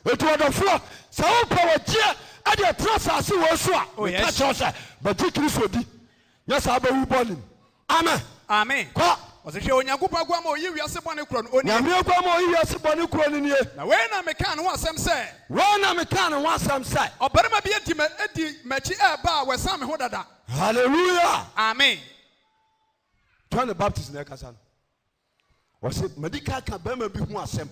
ɛti ɔdɔfoɔ sɛ wopɛ wɔgyeɛ ɛde ɛtena asase wɔ so a oh, meka kyerɛw sɛ bagye kristo di nyɛ saa bɛwu bɔnem amen kɔ ɔsehwɛ onyankopɔn agoa ma ɔyi wiase bɔne korɔ no ɔni nyame agoa ma ɔyi wiase bɔne korɔ no nie na wei na mekaa ne ho asɛm sɛ wei na mekaa ne ho asɛm sɛ ɔbarima bi adi adi m'akyi ɛɛba a wɔsan me ho dada hallelujah amen john the baptist na ɛkasa no ɔse madi ka ka barima bi ho asɛm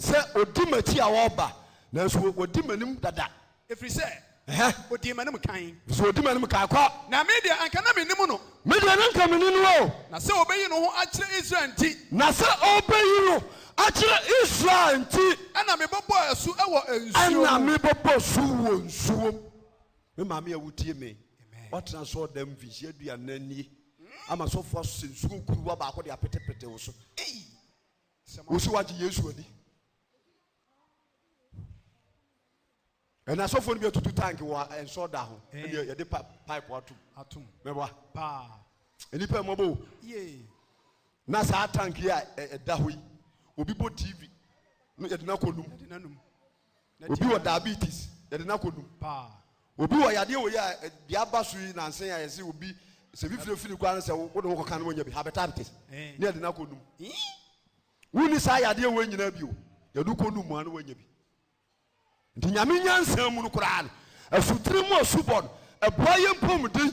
sɛ ɔdi m'akyi a wɔreba nanso ɔdi m'anim dada ɛfiri odi ma ne mu kan. nso odi ma ne mu kan kɔ. na mi deɛ anka na mi nimu no. mi deɛ ne nka mi nimu o. na sɛ obeyi no ho akyerɛ israel nti. na sɛ obeyi no akyerɛ israel nti. ɛna mi bɔbɔ ɛsu ɛwɔ nsuo. ɛna mi bɔbɔ ɛsu wɔ nsuo. mi maame awu tie mi ɔtena so ɔda mfinhyia aduane nie ama sɔfo asosɛ nsuo kuruwa baako de apetepete wɔ so. wosi wagye yesu ani. ɛna asɔfoɔ eh. e, e, no e, bi atutu tank wɔ nsɔ da ho ɛna yɛde pipe atum atum mɛboa paa nipa mɔbɔ o na saa tank yi a ɛda hɔ yi obi bɔ tv yɛde na kɔ num obi wɔ diabetes yɛde na kɔ num obi wɔ yadeɛ wɔ yi a de aba so yi nansen a yɛsɛ obi sɛbi firifiri kura no sɛ wo de wo kɔka no wɔnyɛ bi habitabilities eh. ne yɛde na kɔ num eh? wo ni saa yadeɛ wɔ nyinaa bi o yɛde kɔ num mu ano wɔnyɛ bi nti nyame nyansa mu no koraa no asutiri mu asubɔ no ɛboa yɛ mpom di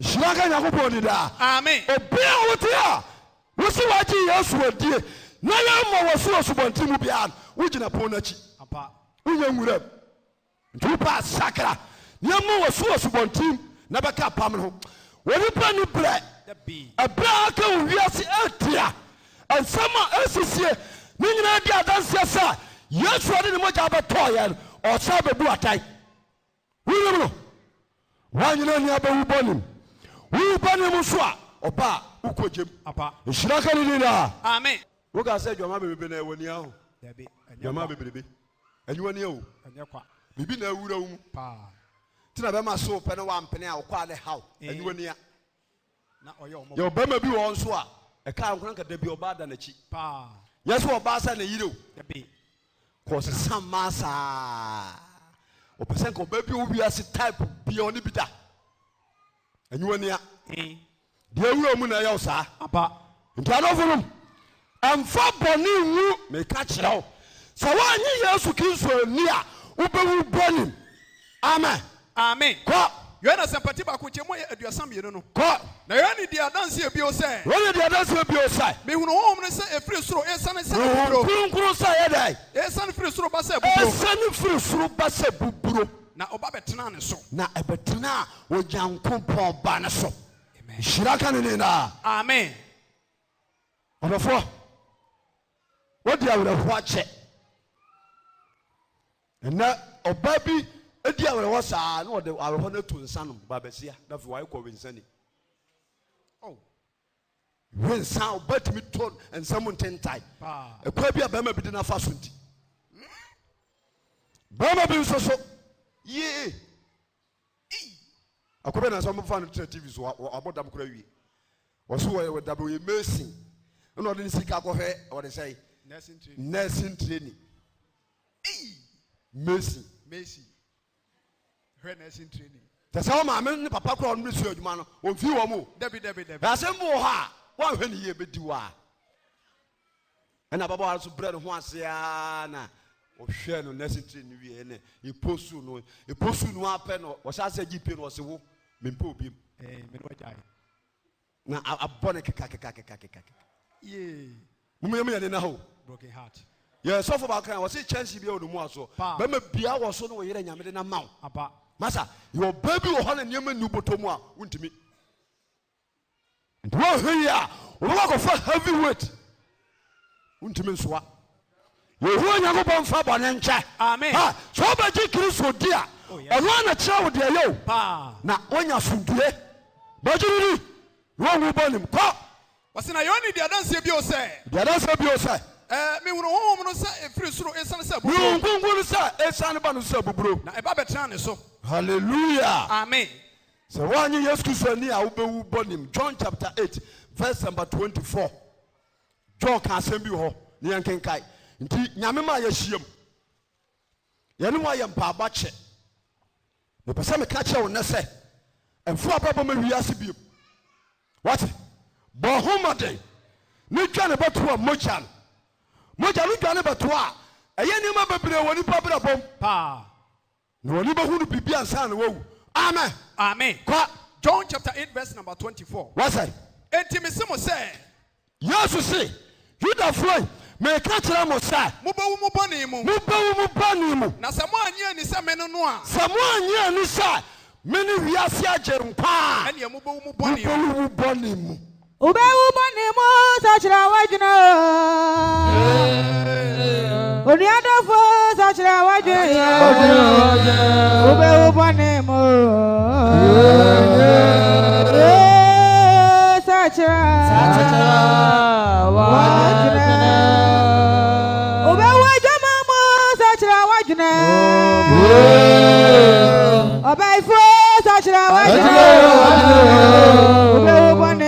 nhyira ka nyankopɔn ni daa obi a wote a wosi wagye yesu adie na yɛmmɔ wɔ so asubɔnten mu biara no wogyina pon no akyi wonyɛ nwuram nti wopaa sakra nneɛma wɔ so asubɔnten na bɛka apam no ho wɔnipa no brɛ ɛberɛ a aka wo wiase atia ɛnsɛm a asisie ne nyinaa di adanseɛ sɛ yesu ɔde ne mogya bɛtɔɔ yɛ no ɔsɛ bɛbu atae wonim no woanyena nni abɛwu bɔnem wowu bɔnem so a ɔba a wokɔgyem nhyira ka no din daa woka sɛ dwama bebrebe na ɛwɔ nia ho dwama bebrebe ɛnyiwa nia o biribi na awura wo mu ntina bɛma so pɛ ne wampene a wokɔ a ne haw eh. ɛnyiwa nia yɛ ɔbɛma bi wɔ so a ɛka nkora nkada bi ɔbaa da n'akyi yɛ sɛ ɔbaa sɛ ne yere o kɔsesa mmaa saa O sɛ nka ɔbaa bi wo wiase type bia ɔne bi da anyiwa nia deɛ wura mu na ɛyɛ wo saa nti adɔfo nom ɛmfa bɔne nwu meka kyerɛ wo sɛ woanye yesu kristo ani a wobɛwu bɔnim amen amen kɔ yohane asɛmpati baako kyɛ mu yɛ aduasa mmienu no kɔ na yohane di adanseɛ bio sɛ yohane di adanseɛ bio sɛ mehunu honhom no sɛ ɛfiri soro ɛsiane sɛ buburo kronkron sɛ ɛyɛ dɛn ɛsiane firi soro ba sɛ buburo ɛsiane firi soro ba sɛ buburo na ɔba bɛtena ne so na ɛbɛtena a onyankopɔn ba ne so nhyira ka ne ne naa amen ɔdɔfoɔ wodi awerɛhoɔ akyɛ ɛnɛ ɔba bi ɛdi awerɛhɔ saa na ɔde awerɛhɔ no atu nsa nom baabɛsia na afei waayɛ kɔ wensani wensa ɔbɛtumi oh. tɔ nsɛm ntentae ɛkwa bi a bɛrima bi de no afa so nti bɛrima bi nso so yee akɔbɛ na sɛ ɔmfa no tena tv so abɔ dam kora wie wɔso wɔyɛ wɔdam ɔyɛ mason ɛna ɔde ne sika akɔhwɛ ɔde sɛe nursing training mason kora nursing training. tẹ sẹ maame ne papa kura ọdún sọ ẹdwuma no wọn fi wọn mu. dẹbi dẹbi dẹbi. yasẹ mu wọ hɔ a wọn ahwɛ ne yie bɛ di wa ɛna ababaawa nso brɛ ase aa na ɔhwɛ no nursing training wie ne epo su no epo su no apɛ no ɔhyɛ ase gyi pe no ɔsi wo mempɛ obi mu. ɛɛ eh, mɛ n'o gya yi. na abɔ ne keka keka keka keka. yee. mu yɛ mu yɛ ne na ho. broken heart yɛ sɔfo baako yɛn wɔsi kyɛnse bi a wɔn mu aso bɛrima bia wɔ so na wɔ yɛrɛ nyame de na ma wo masa yɛ ɔbaa bi wɔ hɔ na nneɛma nu bɔtɔ mu a wuntumi nti wɔn hwɛ yie a wɔn bɛ kɔfa heavy weight wuntumi nsoa yehu onyankopɔn mfa bɔne nkyɛ ha sɛ wobɛgye kristo di a ɔno oh, ana kyerɛ wo deɛ yɛo na wonya asomdue bɛgyere ni na wɔnwu bɔnem kɔ wɔsena yɛne duadanseɛ bio sɛ duadanseɛ bio sɛ ɛɛ mi wunu huhum no sɛ efiri soro esan sɛ buburo. mi wunu kunkun sɛ esan ba no sɛ buburo. na ɛba bɛ tena ne so. hallelujah. amen. sɛ wɔn anyi yesu kristu ni a wobɛwu bɔ nim john chapter eight verse number twenty four john kan asɛm bi wɔ hɔ ne yɛn kenkae nti nyame maa yɛ hyiam yɛne mu ayɛ mpaaba kyɛ mepɛ sɛ meka kyerɛ wo nɛ sɛ ɛfo abɛbɔ ma wiase biom wate bɔ ho mmɔden ne twa ne bɛto a mogya no mogya no dwane bɛto a ɛyɛ nneɛma bebree wɔ nipa brabɔm na wɔne bɛhu no biribi ansa na wawu amen amen kɔ john chapter 8 verse number 24 wɔsɛ enti mese mo sɛ yesu se yudafoɔ mèka kyerɛ mo sɛ. mubɛwu mu bɔnni mu. mubɛwu mu bɔnni mu. na sɛ mo anyi ani sɛ mene no a. sɛ mo anyi ani sɛ mene wiase agye nkwaa. ɛnìyɛ mubɛwu mu bɔnni mu. mubɛwu mu bɔnni mu ube ụmụ nne m sachiri awa jina oni adọfo sachiri awa jina ube ụmụ nne m sachiri awa jina ube ụmụ jama m sachiri awa jina ọba ifo sachiri awa jina ube ụmụ nne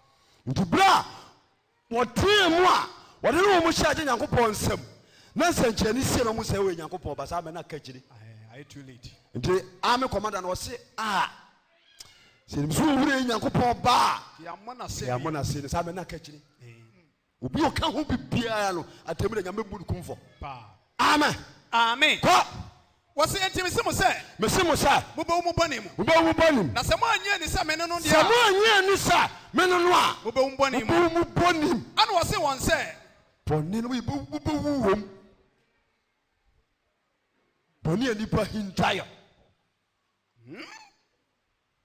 nti berɛ a wɔtee mu a wɔde ne wɔ mu hyɛ agye nyankopɔn nsɛm na nsɛnkyerɛne sie no mu sɛ wɔyɛ nyankopɔn ba saa bɛna ka gyiri nti ame kɔmada no ɔse a sɛnim so wɔwurɛ nyankopɔn ba ayɛmmɔ nase no saa bɛna ka gyiri obi ɔka ho bibiara no atɛmi da nyame bu no kumfɔ amen amen kɔ wɔsi ɛnti misi mu sɛ. misi mu sɛ. mubɛwu mu bɔnni mu. mubɛwu mu bɔnni mu. na sɛ mo anyi ani sɛ mene no deɛ. sɛ mo anyi ani sɛ mene no a. mubɛwu mu bɔnni mu. mubɛwu mu bɔnni mu. ɛna wɔsi wɔn sɛ. bɔnni no mubɛwu mubɛwu wɔm. bɔnni a nipa hinta yɛ.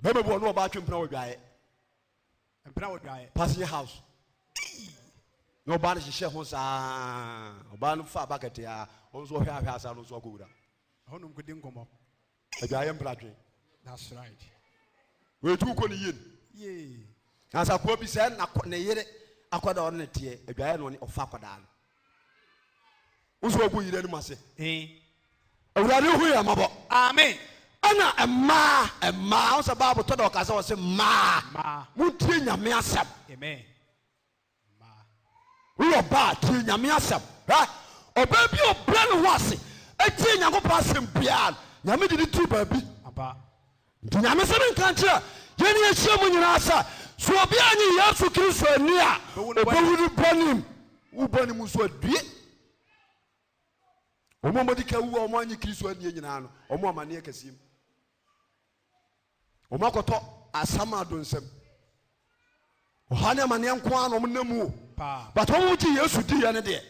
bɛɛma bi wɔ no ɔbaa twe mpena wɔ dwaeɛ. mpena wɔ dwaeɛ. pasi house. na ɔbaa no hyehyɛ ho saa ɔbaa no fa abakɛtɛ a ɔno nso ɔhwɛ ahwɛ asa no nso akɔwura hɔnom kò di nkɔmɔ. ɛdi ayɛ mplatwe. that's right. wetu kɔ ne yie. yee. nasakoa bi sɛ na ne yere akɔda ɔno ne teɛ ɛdi ayɛ no ɔfa akɔda no nso ɔbu yire no ma se. Eh. awurade hu yɛ mabɔ. amen. ɛna mmaa mmaa ɔsɛ baabu tɔ da ɔkasa ɔsɛ mmaa mu tie nyame asɛm. amen. wúlò baa tie nyame asɛm. ɔbaa bi ɔbrɛ ne ho ase ɛtie nyankopɔn asɛm biaa nyame de ne turu baabi nti nyame sɛ ne nka nkyerɛ yɛne ahyia mu nyinaa sɛ sɛ ɔbia nye yesu kristo ani a ɔbɛwu ne bɔnem wo bɔnem nso adue ɔmo ɔmɔde ka wu a ɔmo anye kristo anie nyinaa no ɔmo amanneɛ kɛseɛ mu ɔmo akɔtɔ asam adonsɛm ɔha ne amanneɛ nko a na ɔmo nam wo but ɔmo gye yesu diiɛ no deɛ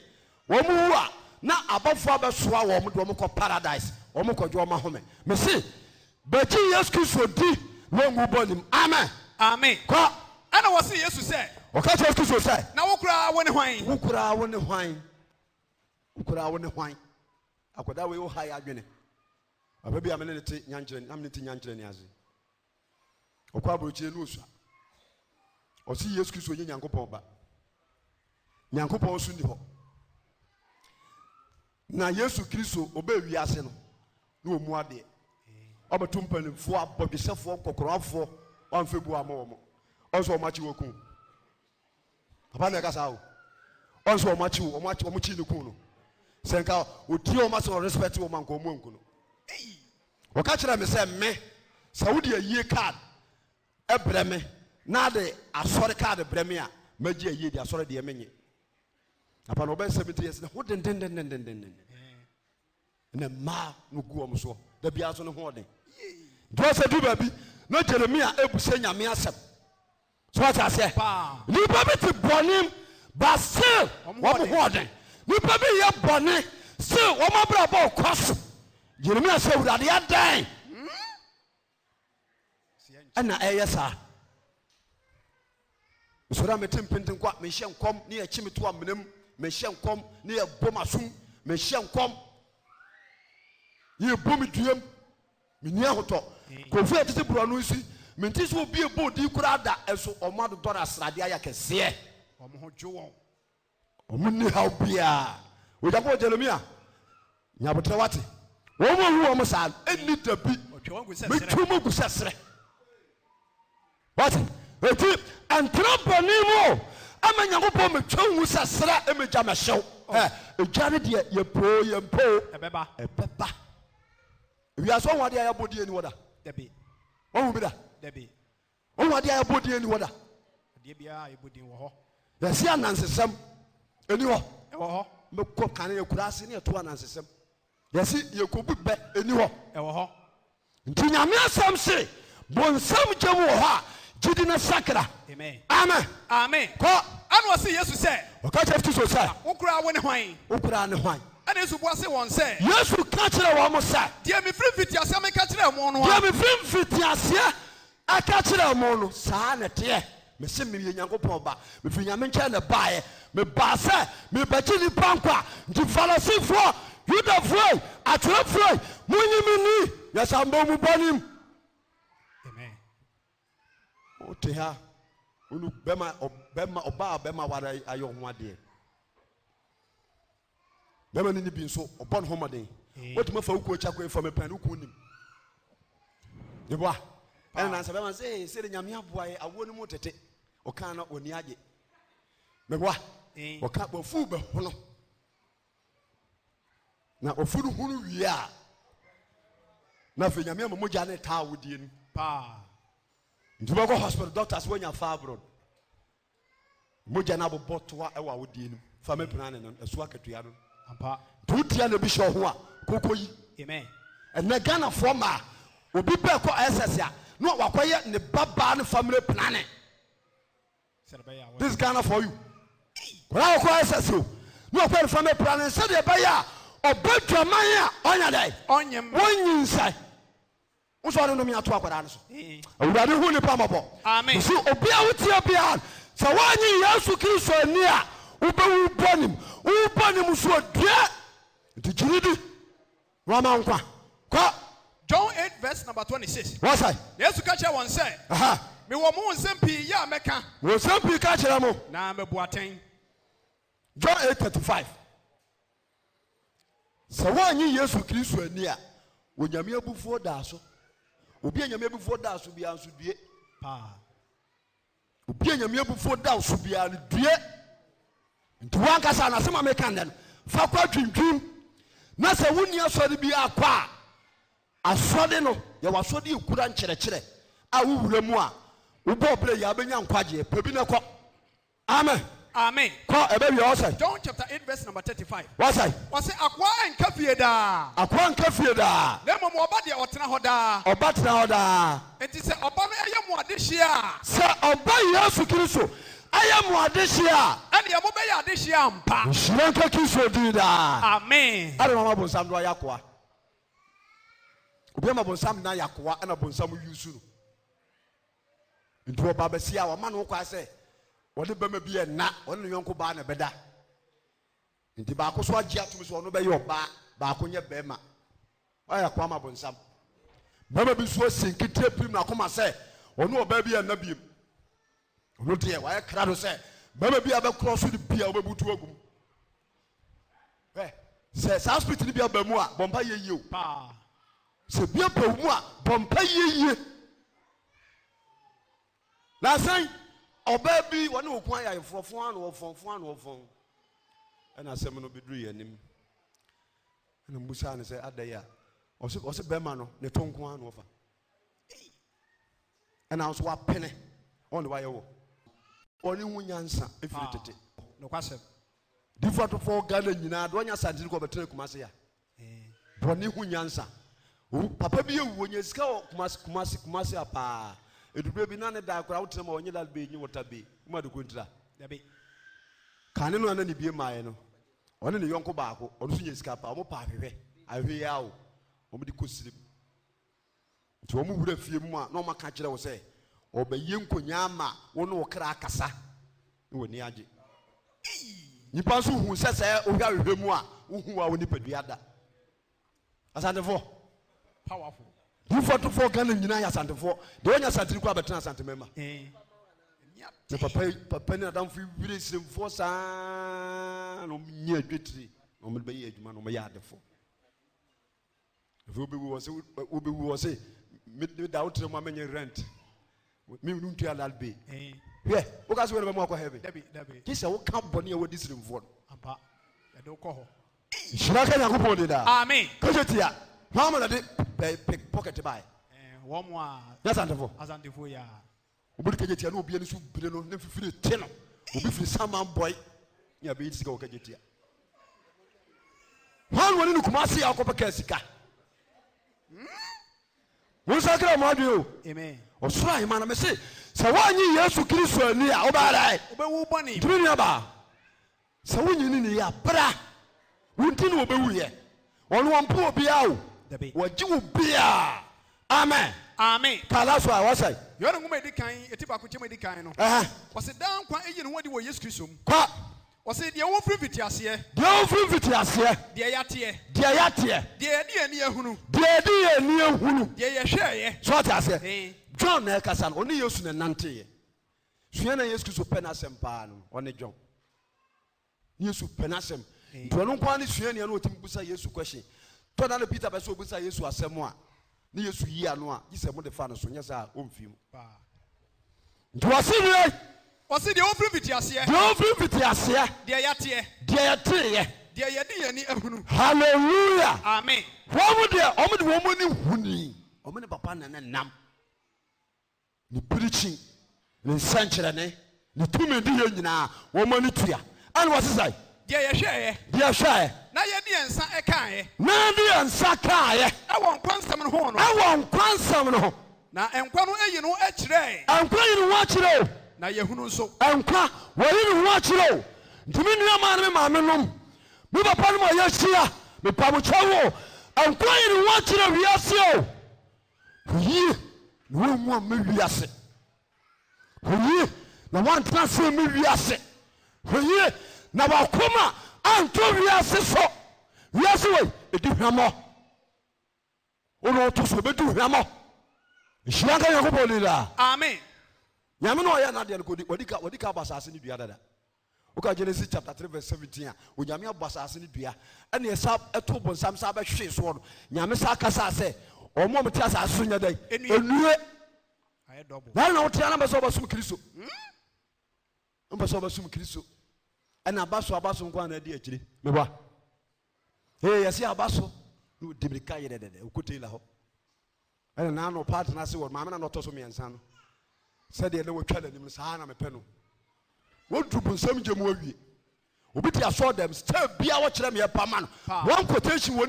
wɔmo wu a na abɔfoɔ bɛsoa wɔ m de ɔmkɔ paradise ɔmkɔgye ɔma home mese bɛkyi yesu kristo di wɔngu bɔ nim amen amen kɔ ɛna wɔ se yesu sɛ ɔka kyerɛ yesu kristo sɛ na wo koraa wo ne hwan wo koraa ne hwan wo koraa ne hwan akwadaa wei wo ha adwene aba bi a mene ne te nyankyerɛ na mene te nyankyerɛ ne ase ɔkɔ aburokyire ne osua ɔse yesu kristo nyɛ nyankopɔn ba nyankopɔn so ni hɔ na yesu kristo ɔbɛ wiase no na ɔmu adeɛ ɔbɛto mpanimfoɔ abɔdwesɛfoɔ kɔkɔrɔafoɔ wamfɛ bu ama wɔn ɔnso wɔn akyi wɔ papa na ɛka saa o ɔnso wɔn akyi wɔn akyi wɔn akyi ne no sɛnka wɔn wɔn no kyerɛ mi sɛ ayie ɛbrɛ na asɔre brɛ a ayie asɔre deɛ apa na ɔbɛyɛ seventy years na ho dendendendendenden na mmaa no gu wɔn soɔ dabi aso ne ho ɔden dɔɔ sɛ du baabi na jeremia ebuse nyame asɛm so ɔte aseɛ nipa bi te bɔnim ba still wɔn ho ɔden nipa bi yɛ bɔne still wɔn abirabɔ ɔkɔ so jeremia sɛ awurade adan ɛna ɛyɛ saa nsɔrɔ a mete mpenten kɔ a mehyɛ nkɔm ne yɛkyi me to a menam mehyɛ nkɔm ne yɛbɔ m'asom mehyɛ nkɔm yɛbɔ me duam menni ahotɔ kofo a ɛte sɛ burano si mente sɛ obi ɛbɔ odi koraa da ɛso ɔmo adodɔre asradeɛ ayɛ kɛseɛ ɔmo ho dwo wɔn ɔmo nni haw biara onyankopɔn jeremia nyabotrɛ wate wɔn a wɔwu wɔn saa ɛnni dabi metwi mo gu sɛ serɛ wate eti ɛntena bɔne mu o ama nyankopɔn metwa wu sɛ serɛ mɛgya mɛhyew ɛgya oh. eh, no deɛ yɛpoo yɛmpoo ɛbɛba wiase ɔho adeɛ yɛabɔdeɛ ni wɔda ɔhu bi da ɔho adeɛ yɛabɔdeɛ ni wɔda yɛse anansesɛm ɛni hɔ mɛkɔ kane yɛkura ase ne yɛto anansesɛm yɛse yɛkɔbu bɛ ɛni hɔ nti hɔ a gyidi amen kɔ ɛna ɔsi yesu sɛ. ɔka kyerɛ kristu sɛ. wokura ah, awo ne hwan. wokura ne hwan. ɛna yesu bu ase wɔn sɛ. yesu ka kyerɛ wɔn sɛ. deɛ mi firi fiti aseɛ mi ka kyerɛ wɔn no. deɛ mi firi fiti aseɛ aka kyerɛ wɔn no saa na teɛ e. mesi meyɛ nyankopɔn ba mefiri nyame nkyɛn ne baeɛ mebaa sɛ mebɛkye nnipa nkwa nti farisifoɔ yudafoɔ atwerɛfoɔ monyim ni yɛsambɔ mu bɔnem wote ha Unu bɛma bɛma ɔbaa bɛma wara ayɛ ɔho adeɛ bɛma no ni bi nso ɔbɔ eh. eh. ne ho mɔden wotumi fa wokuo kyɛ koe fam pɛn wokuo nim yeboa ɛne nansa bɛma sɛ sɛde nyame aboa yɛ awoɔ no mu tete ɔka na ɔni agye meboa ɔka wafu bɛhono na ɔfu no hunu wie a na afei nyame ama mogya ne taa wodie no paa nti wobɛkɔ hospital doctors woanya fa abroad mogya no abobɔ toa ɛwɔ awodie no fa mapina ne no asuo akatua no nti wotia na bi hyɛ ho a kɔkɔ yi ɛnɛ ghanafoɔ ma a obi bɛɛ kɔ ss a na wakɔyɛ ne babaa ne family planning this ghana for you kɔla wɔkɔ ss o ne wakɔyɛ ne family planning sɛdeɛ ɛbɛyɛ a ɔbɛ dwaman a ɔnya dɛ wɔnyi nsae wosɛ ɔne nom yɛato akwadaa no so awurade hu nipa Obi so obia wotia bia sɛ woanye yesu kristo ani a wobɛwu bɔ nim wobɔ nim so adua nti gyini di wama nkwa kɔ john eight verse number 26 wɔsɛ na yesu ka kyerɛ wɔn sɛ mewɔ mo nsɛm pii yɛ a mɛka wɔ nsɛm pii ka kyerɛ mo na mɛbu atɛn john 8 35 sɛ woanye yesu kristo ani a onyame abufuo daa so obi a nyame abufuo da so biara nso due obi a nyame abufuo da so biara no due nti wankasa anasɛm a meka nnɛ no fa kɔ adwindwim na sɛ wonni asɔre biara kɔ a asɔre no yɛwɔ asɔre ekura nkyerɛkyerɛ a wowura mu a wobɔ ɔbrɛ yɛ abɛnya nkwagyeɛ pɛ bi na kɔ amen Amen. Kọ ebe bi ọsẹ. John chapter eight verse number thirty-five. Wọ́sẹ̀. Wọ́sẹ̀ akwa nka fie daa. Akwa nke fie daa. Na mmom ọba deɛ ɔtena hɔ daa. Ọba tena hɔ daa. Eti sɛ ɔba mi ɛyɛ mu adehyia. Sɛ ɔba Yesu Kristo ɛyɛ mu adehyia. Ɛni ɛmu bɛyɛ adehyia mpa. Nhyira nka Kristo din daa. Amen. Ɛdi mama bonsam do ɔyɛ akoa. Obi ama bonsam na yɛ akoa ɛna bonsam yi su no. Ntu ɔba bɛsi a asɛ. wɔne bɛma bi ɛna wɔne ne yɔnko baa na ɛbɛda nti baako so agye atom so ɔno bɛyɛ ɔbaa baako nyɛ bɛrima ɔyɛ kwama bonsam bɛrima bi nso asi nketewa pirim na akoma sɛ ɔno ɔbaa bi ɛna biem ɔno deɛ wɔayɛ kra no sɛ bɛrima bi a bɛkorɔ so de bi a wɔbɛbutu agum ɛ sɛ saa hospital bi aba mu a bɔmpa yɛ yie o sɛ bi aba mu a bɔmpa yɛ yie na asɛn ɔbaa bi wɔne wo kwan yɛ ayɛforɔfo ano wɔfɔnfo ano wɔfɔn ɛna asɛm no bɛduru yɛ anim ɛna mbusa ne sɛ adɛyɛ a ɔsɛ ɔsɛ bɛrima no ne to nko ano wɔfa ɛna nso wapene ɔne wayɛ wɔ ɔne ho nyansa efiri ah. tete nokwasɛm difo atofo ghana nyinaa do ɔnya santiri kɔ ɔbɛtena kumase ya bɔne ho nyansa papa bi yɛ wuo nyɛ sika wɔ kumase kumase kumase a paa edubire bi nane da akora wotena ma ɔnye da be nye wɔta be mu adi ko ntira dabi kane no anani bie maa yɛ no ɔne ne yɔnko baako ɔno nso nya sika pa ɔmo pa ahwehwɛ ahwehwɛ yɛ awo ɔmo de kɔ siri mu nti wɔn wura fie mu a na wɔn aka kyerɛ wɔn sɛ ɔbɛyɛ nkonya ama wɔn ne wɔkra akasa ne wɔn ani agye nipa nso hu sɛ ohwɛ ahwehwɛ mu a wohu a wɔn nipadua da asantefo powerful dufotofoɔ ghana nyinaa yɛ asantefoɔ deɛ wonya asantene kɔ abɛtena asantemama na papa papa ne adamfo wire siremfoɔ saa na ɔmnyɛ adwetire na ɔmde bɛyɛ adwuma na ɔmyɛ adefoɔ afei wobɛwu wɔ se meda wotrɛ mu a mɛnyɛ rent memnu ntua lal be eh. hwɛ woka sɛ wɛne bɛmu akɔ heaven gye sɛ woka bɔne a wɔde siremfoɔ no nhyira ka nyankopɔn de daa kɛhyɛ tia How mu na de ɛɛ pik pɔkɛt baa yɛ. wɔn mu a. yɛ asantefo. asantefo yɛ a. obodi kɛgye tia na obi ɛni so bire no ne fifiri ti no obi firi saman bɔi ne abeyi ti sika wɔ kɛgye tia wɔn wɔn ni kuma se akɔ bɛka sika wọn sá kí ọmọ adùn yìí o ɔsoro ahima na mese sɛ wɔanyi yesu kristo ani a wobɛa dae ntumi ni baa sɛ wonyi ne ne yɛ abra wonti ne wɔbɛwuyɛ ɔno wɔmpo obiaa o wɔgye wo bia amen amen kala so a wɔsɛ yohane nwoma edi kan eti baako kyɛm edi kan no wɔsɛ dan kwan eyi ne ho adi wɔ yesu kristo mu kɔ wɔsɛ deɛ wɔn firi fiti aseɛ deɛ wɔn firi fiti aseɛ deɛ yateɛ deɛ yateɛ deɛ yɛde yɛn ni ehunu deɛ yɛde yɛn ni ehunu deɛ yɛhwɛ yɛ sɔɔte aseɛ john na ɛkasa no ɔne yesu na nante yɛ sua na yesu kristo pɛ n'asɛm paa no ɔne john yesu pɛ n'asɛm nti ɔno nko ara ne sua nea no ɔtumi busa yesu question tɔ da ne peter bɛ sɛ obisa yesu asɛm a ne yesu yi ano a yi sɛ mo de fa no so nyɛ sɛ a ɔmfim nti wɔse wie wɔse deɛ ɔmfiri mfiti aseɛ deɛ ɔmfiri mfiti aseɛ deɛ yɛteɛ deɛ yɛteeɛ deɛ yɛde yɛni ahunu hallelujah amen wɔn deɛ wɔn de wɔn ni huni wɔn ne papa nana nam Ni pirikyi Ni nsɛnkyerɛnne Ni tumi di yɛ nyinaa wɔn tuya. tua ɛna wɔsesa yi deɛ yɛhwɛɛ. deɛ hwɛɛ. na yɛde yɛn nsa kaeɛ. na di yɛn nsa kaeɛ. ɛwɔ nkwa nsɛm no ho no. ɛwɔ nkwa nsɛm no na nkwa no eyi no akyerɛ. nkwa yi ne ho akyerɛ o. na yɛhunu nso. nkwa wɔyi ne ho akyerɛ o. ntumi nua maa ne maame nom. mi papa no ma yɛ ahyia mipamutwa wo nkwa yi ne ho akyerɛ wiase o. yie na wɔn mu a mi wiase. yie na wɔn atena se mi wiase. yie na wakoma anto wiase so wiase wei ɛdi hwamɔ wone wɔto so bɛdi hwamɔ nhyira nka nyankopɔn ni daa amen nyame na ɔyɛ nadeɛ no wɔdi ka abɔ asase no dua dada woka genesis chapter 3 verse 17 a onyame abɔ asase no dua ɛne ɛsa ɛto bonsam sa bɛhwee soɔ no nyame sa kasa sɛ ɔmo mete asase so nyɛ dɛn ɛnue na ɛna wotea na mpɛ sɛ wobɛsom kristo mpɛ hmm? sɛ wobɛsom kristo ɛna aba so aba so nko ana ɛdi akyire mewa ee yɛsi aba so na odimiri ka yɛ dɛdɛdɛ okute la hɔ ɛna n'ano paati n'ase wɔ maame na n'ɔtɔ so mmiɛnsa no sɛdeɛ na wɔtwa n'anim saa na mepɛ no wɔdu bunsɛm gye mu awie obi ti asɔ dɛm stɛl bia wɔkyerɛ mi yɛ pama no wɔn kotation wɔ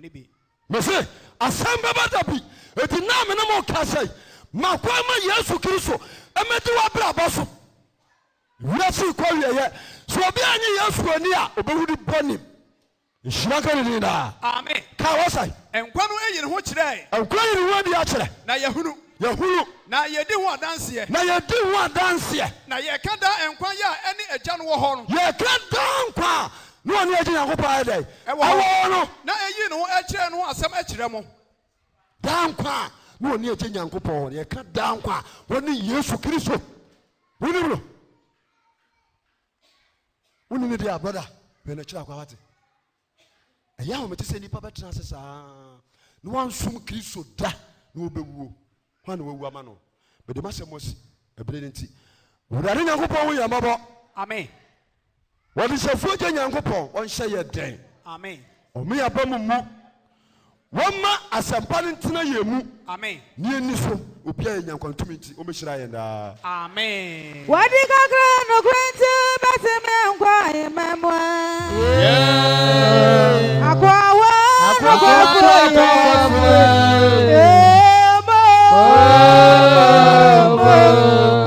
ne bi mese asɛm bɛbɛ da bi eti naa mi ne mo ka sɛ ma kɔ ma yesu kiri so ɛmɛ di wa abirabɔ so wura si kɔ wiɛ yɛ. sɛ obi anye yesu ani a obɛhunu bɔnim nhyira ka ne din daa amen ka wɔ sɛe nkwa no ayi ne ho kyerɛe nkwa yi ne ho adi akyerɛ na yɛhunu yɛhunu na yɛdi ho adanseɛ na yɛdi ho adanseɛ na yɛka daa nkwa yɛ a ɛne agya no wɔ hɔ no yɛka daa nkwa a ne ɔne agya nyankopɔn ayɛ dɛn ɛwɔ no na ɛyi ne ho akyerɛ no asɛm akyerɛ mo daa nkwa a ne ɔne agya nyankopɔn yɛka daa nkwa a wɔne yesu kristo wonim no wone ne deɛ a brɔda hwɛno kyerɛ akwa wate ɛyɛ ahomete sɛ nnipa bɛtena ase saa na wansom kristo da na wɔbɛwuo hwan na wawu ama no bɛde masɛ mɔ si ɛberɛ no nti wurade nyankopɔn wo yɛ mmɔbɔ ame wɔde hyɛfuo gye nyankopɔn ɔnhyɛ yɛ dɛn ame ɔme yɛba mu mu wɔmma asɛmpa no ntena yɛ mu ame ne ɛni so obiaa yɛ nyankwantum nti ɔmɛhyira yɛn daa ame wɔde kakra nokorɛ nti ti mi nkwa imemu a. Akwa awa akwa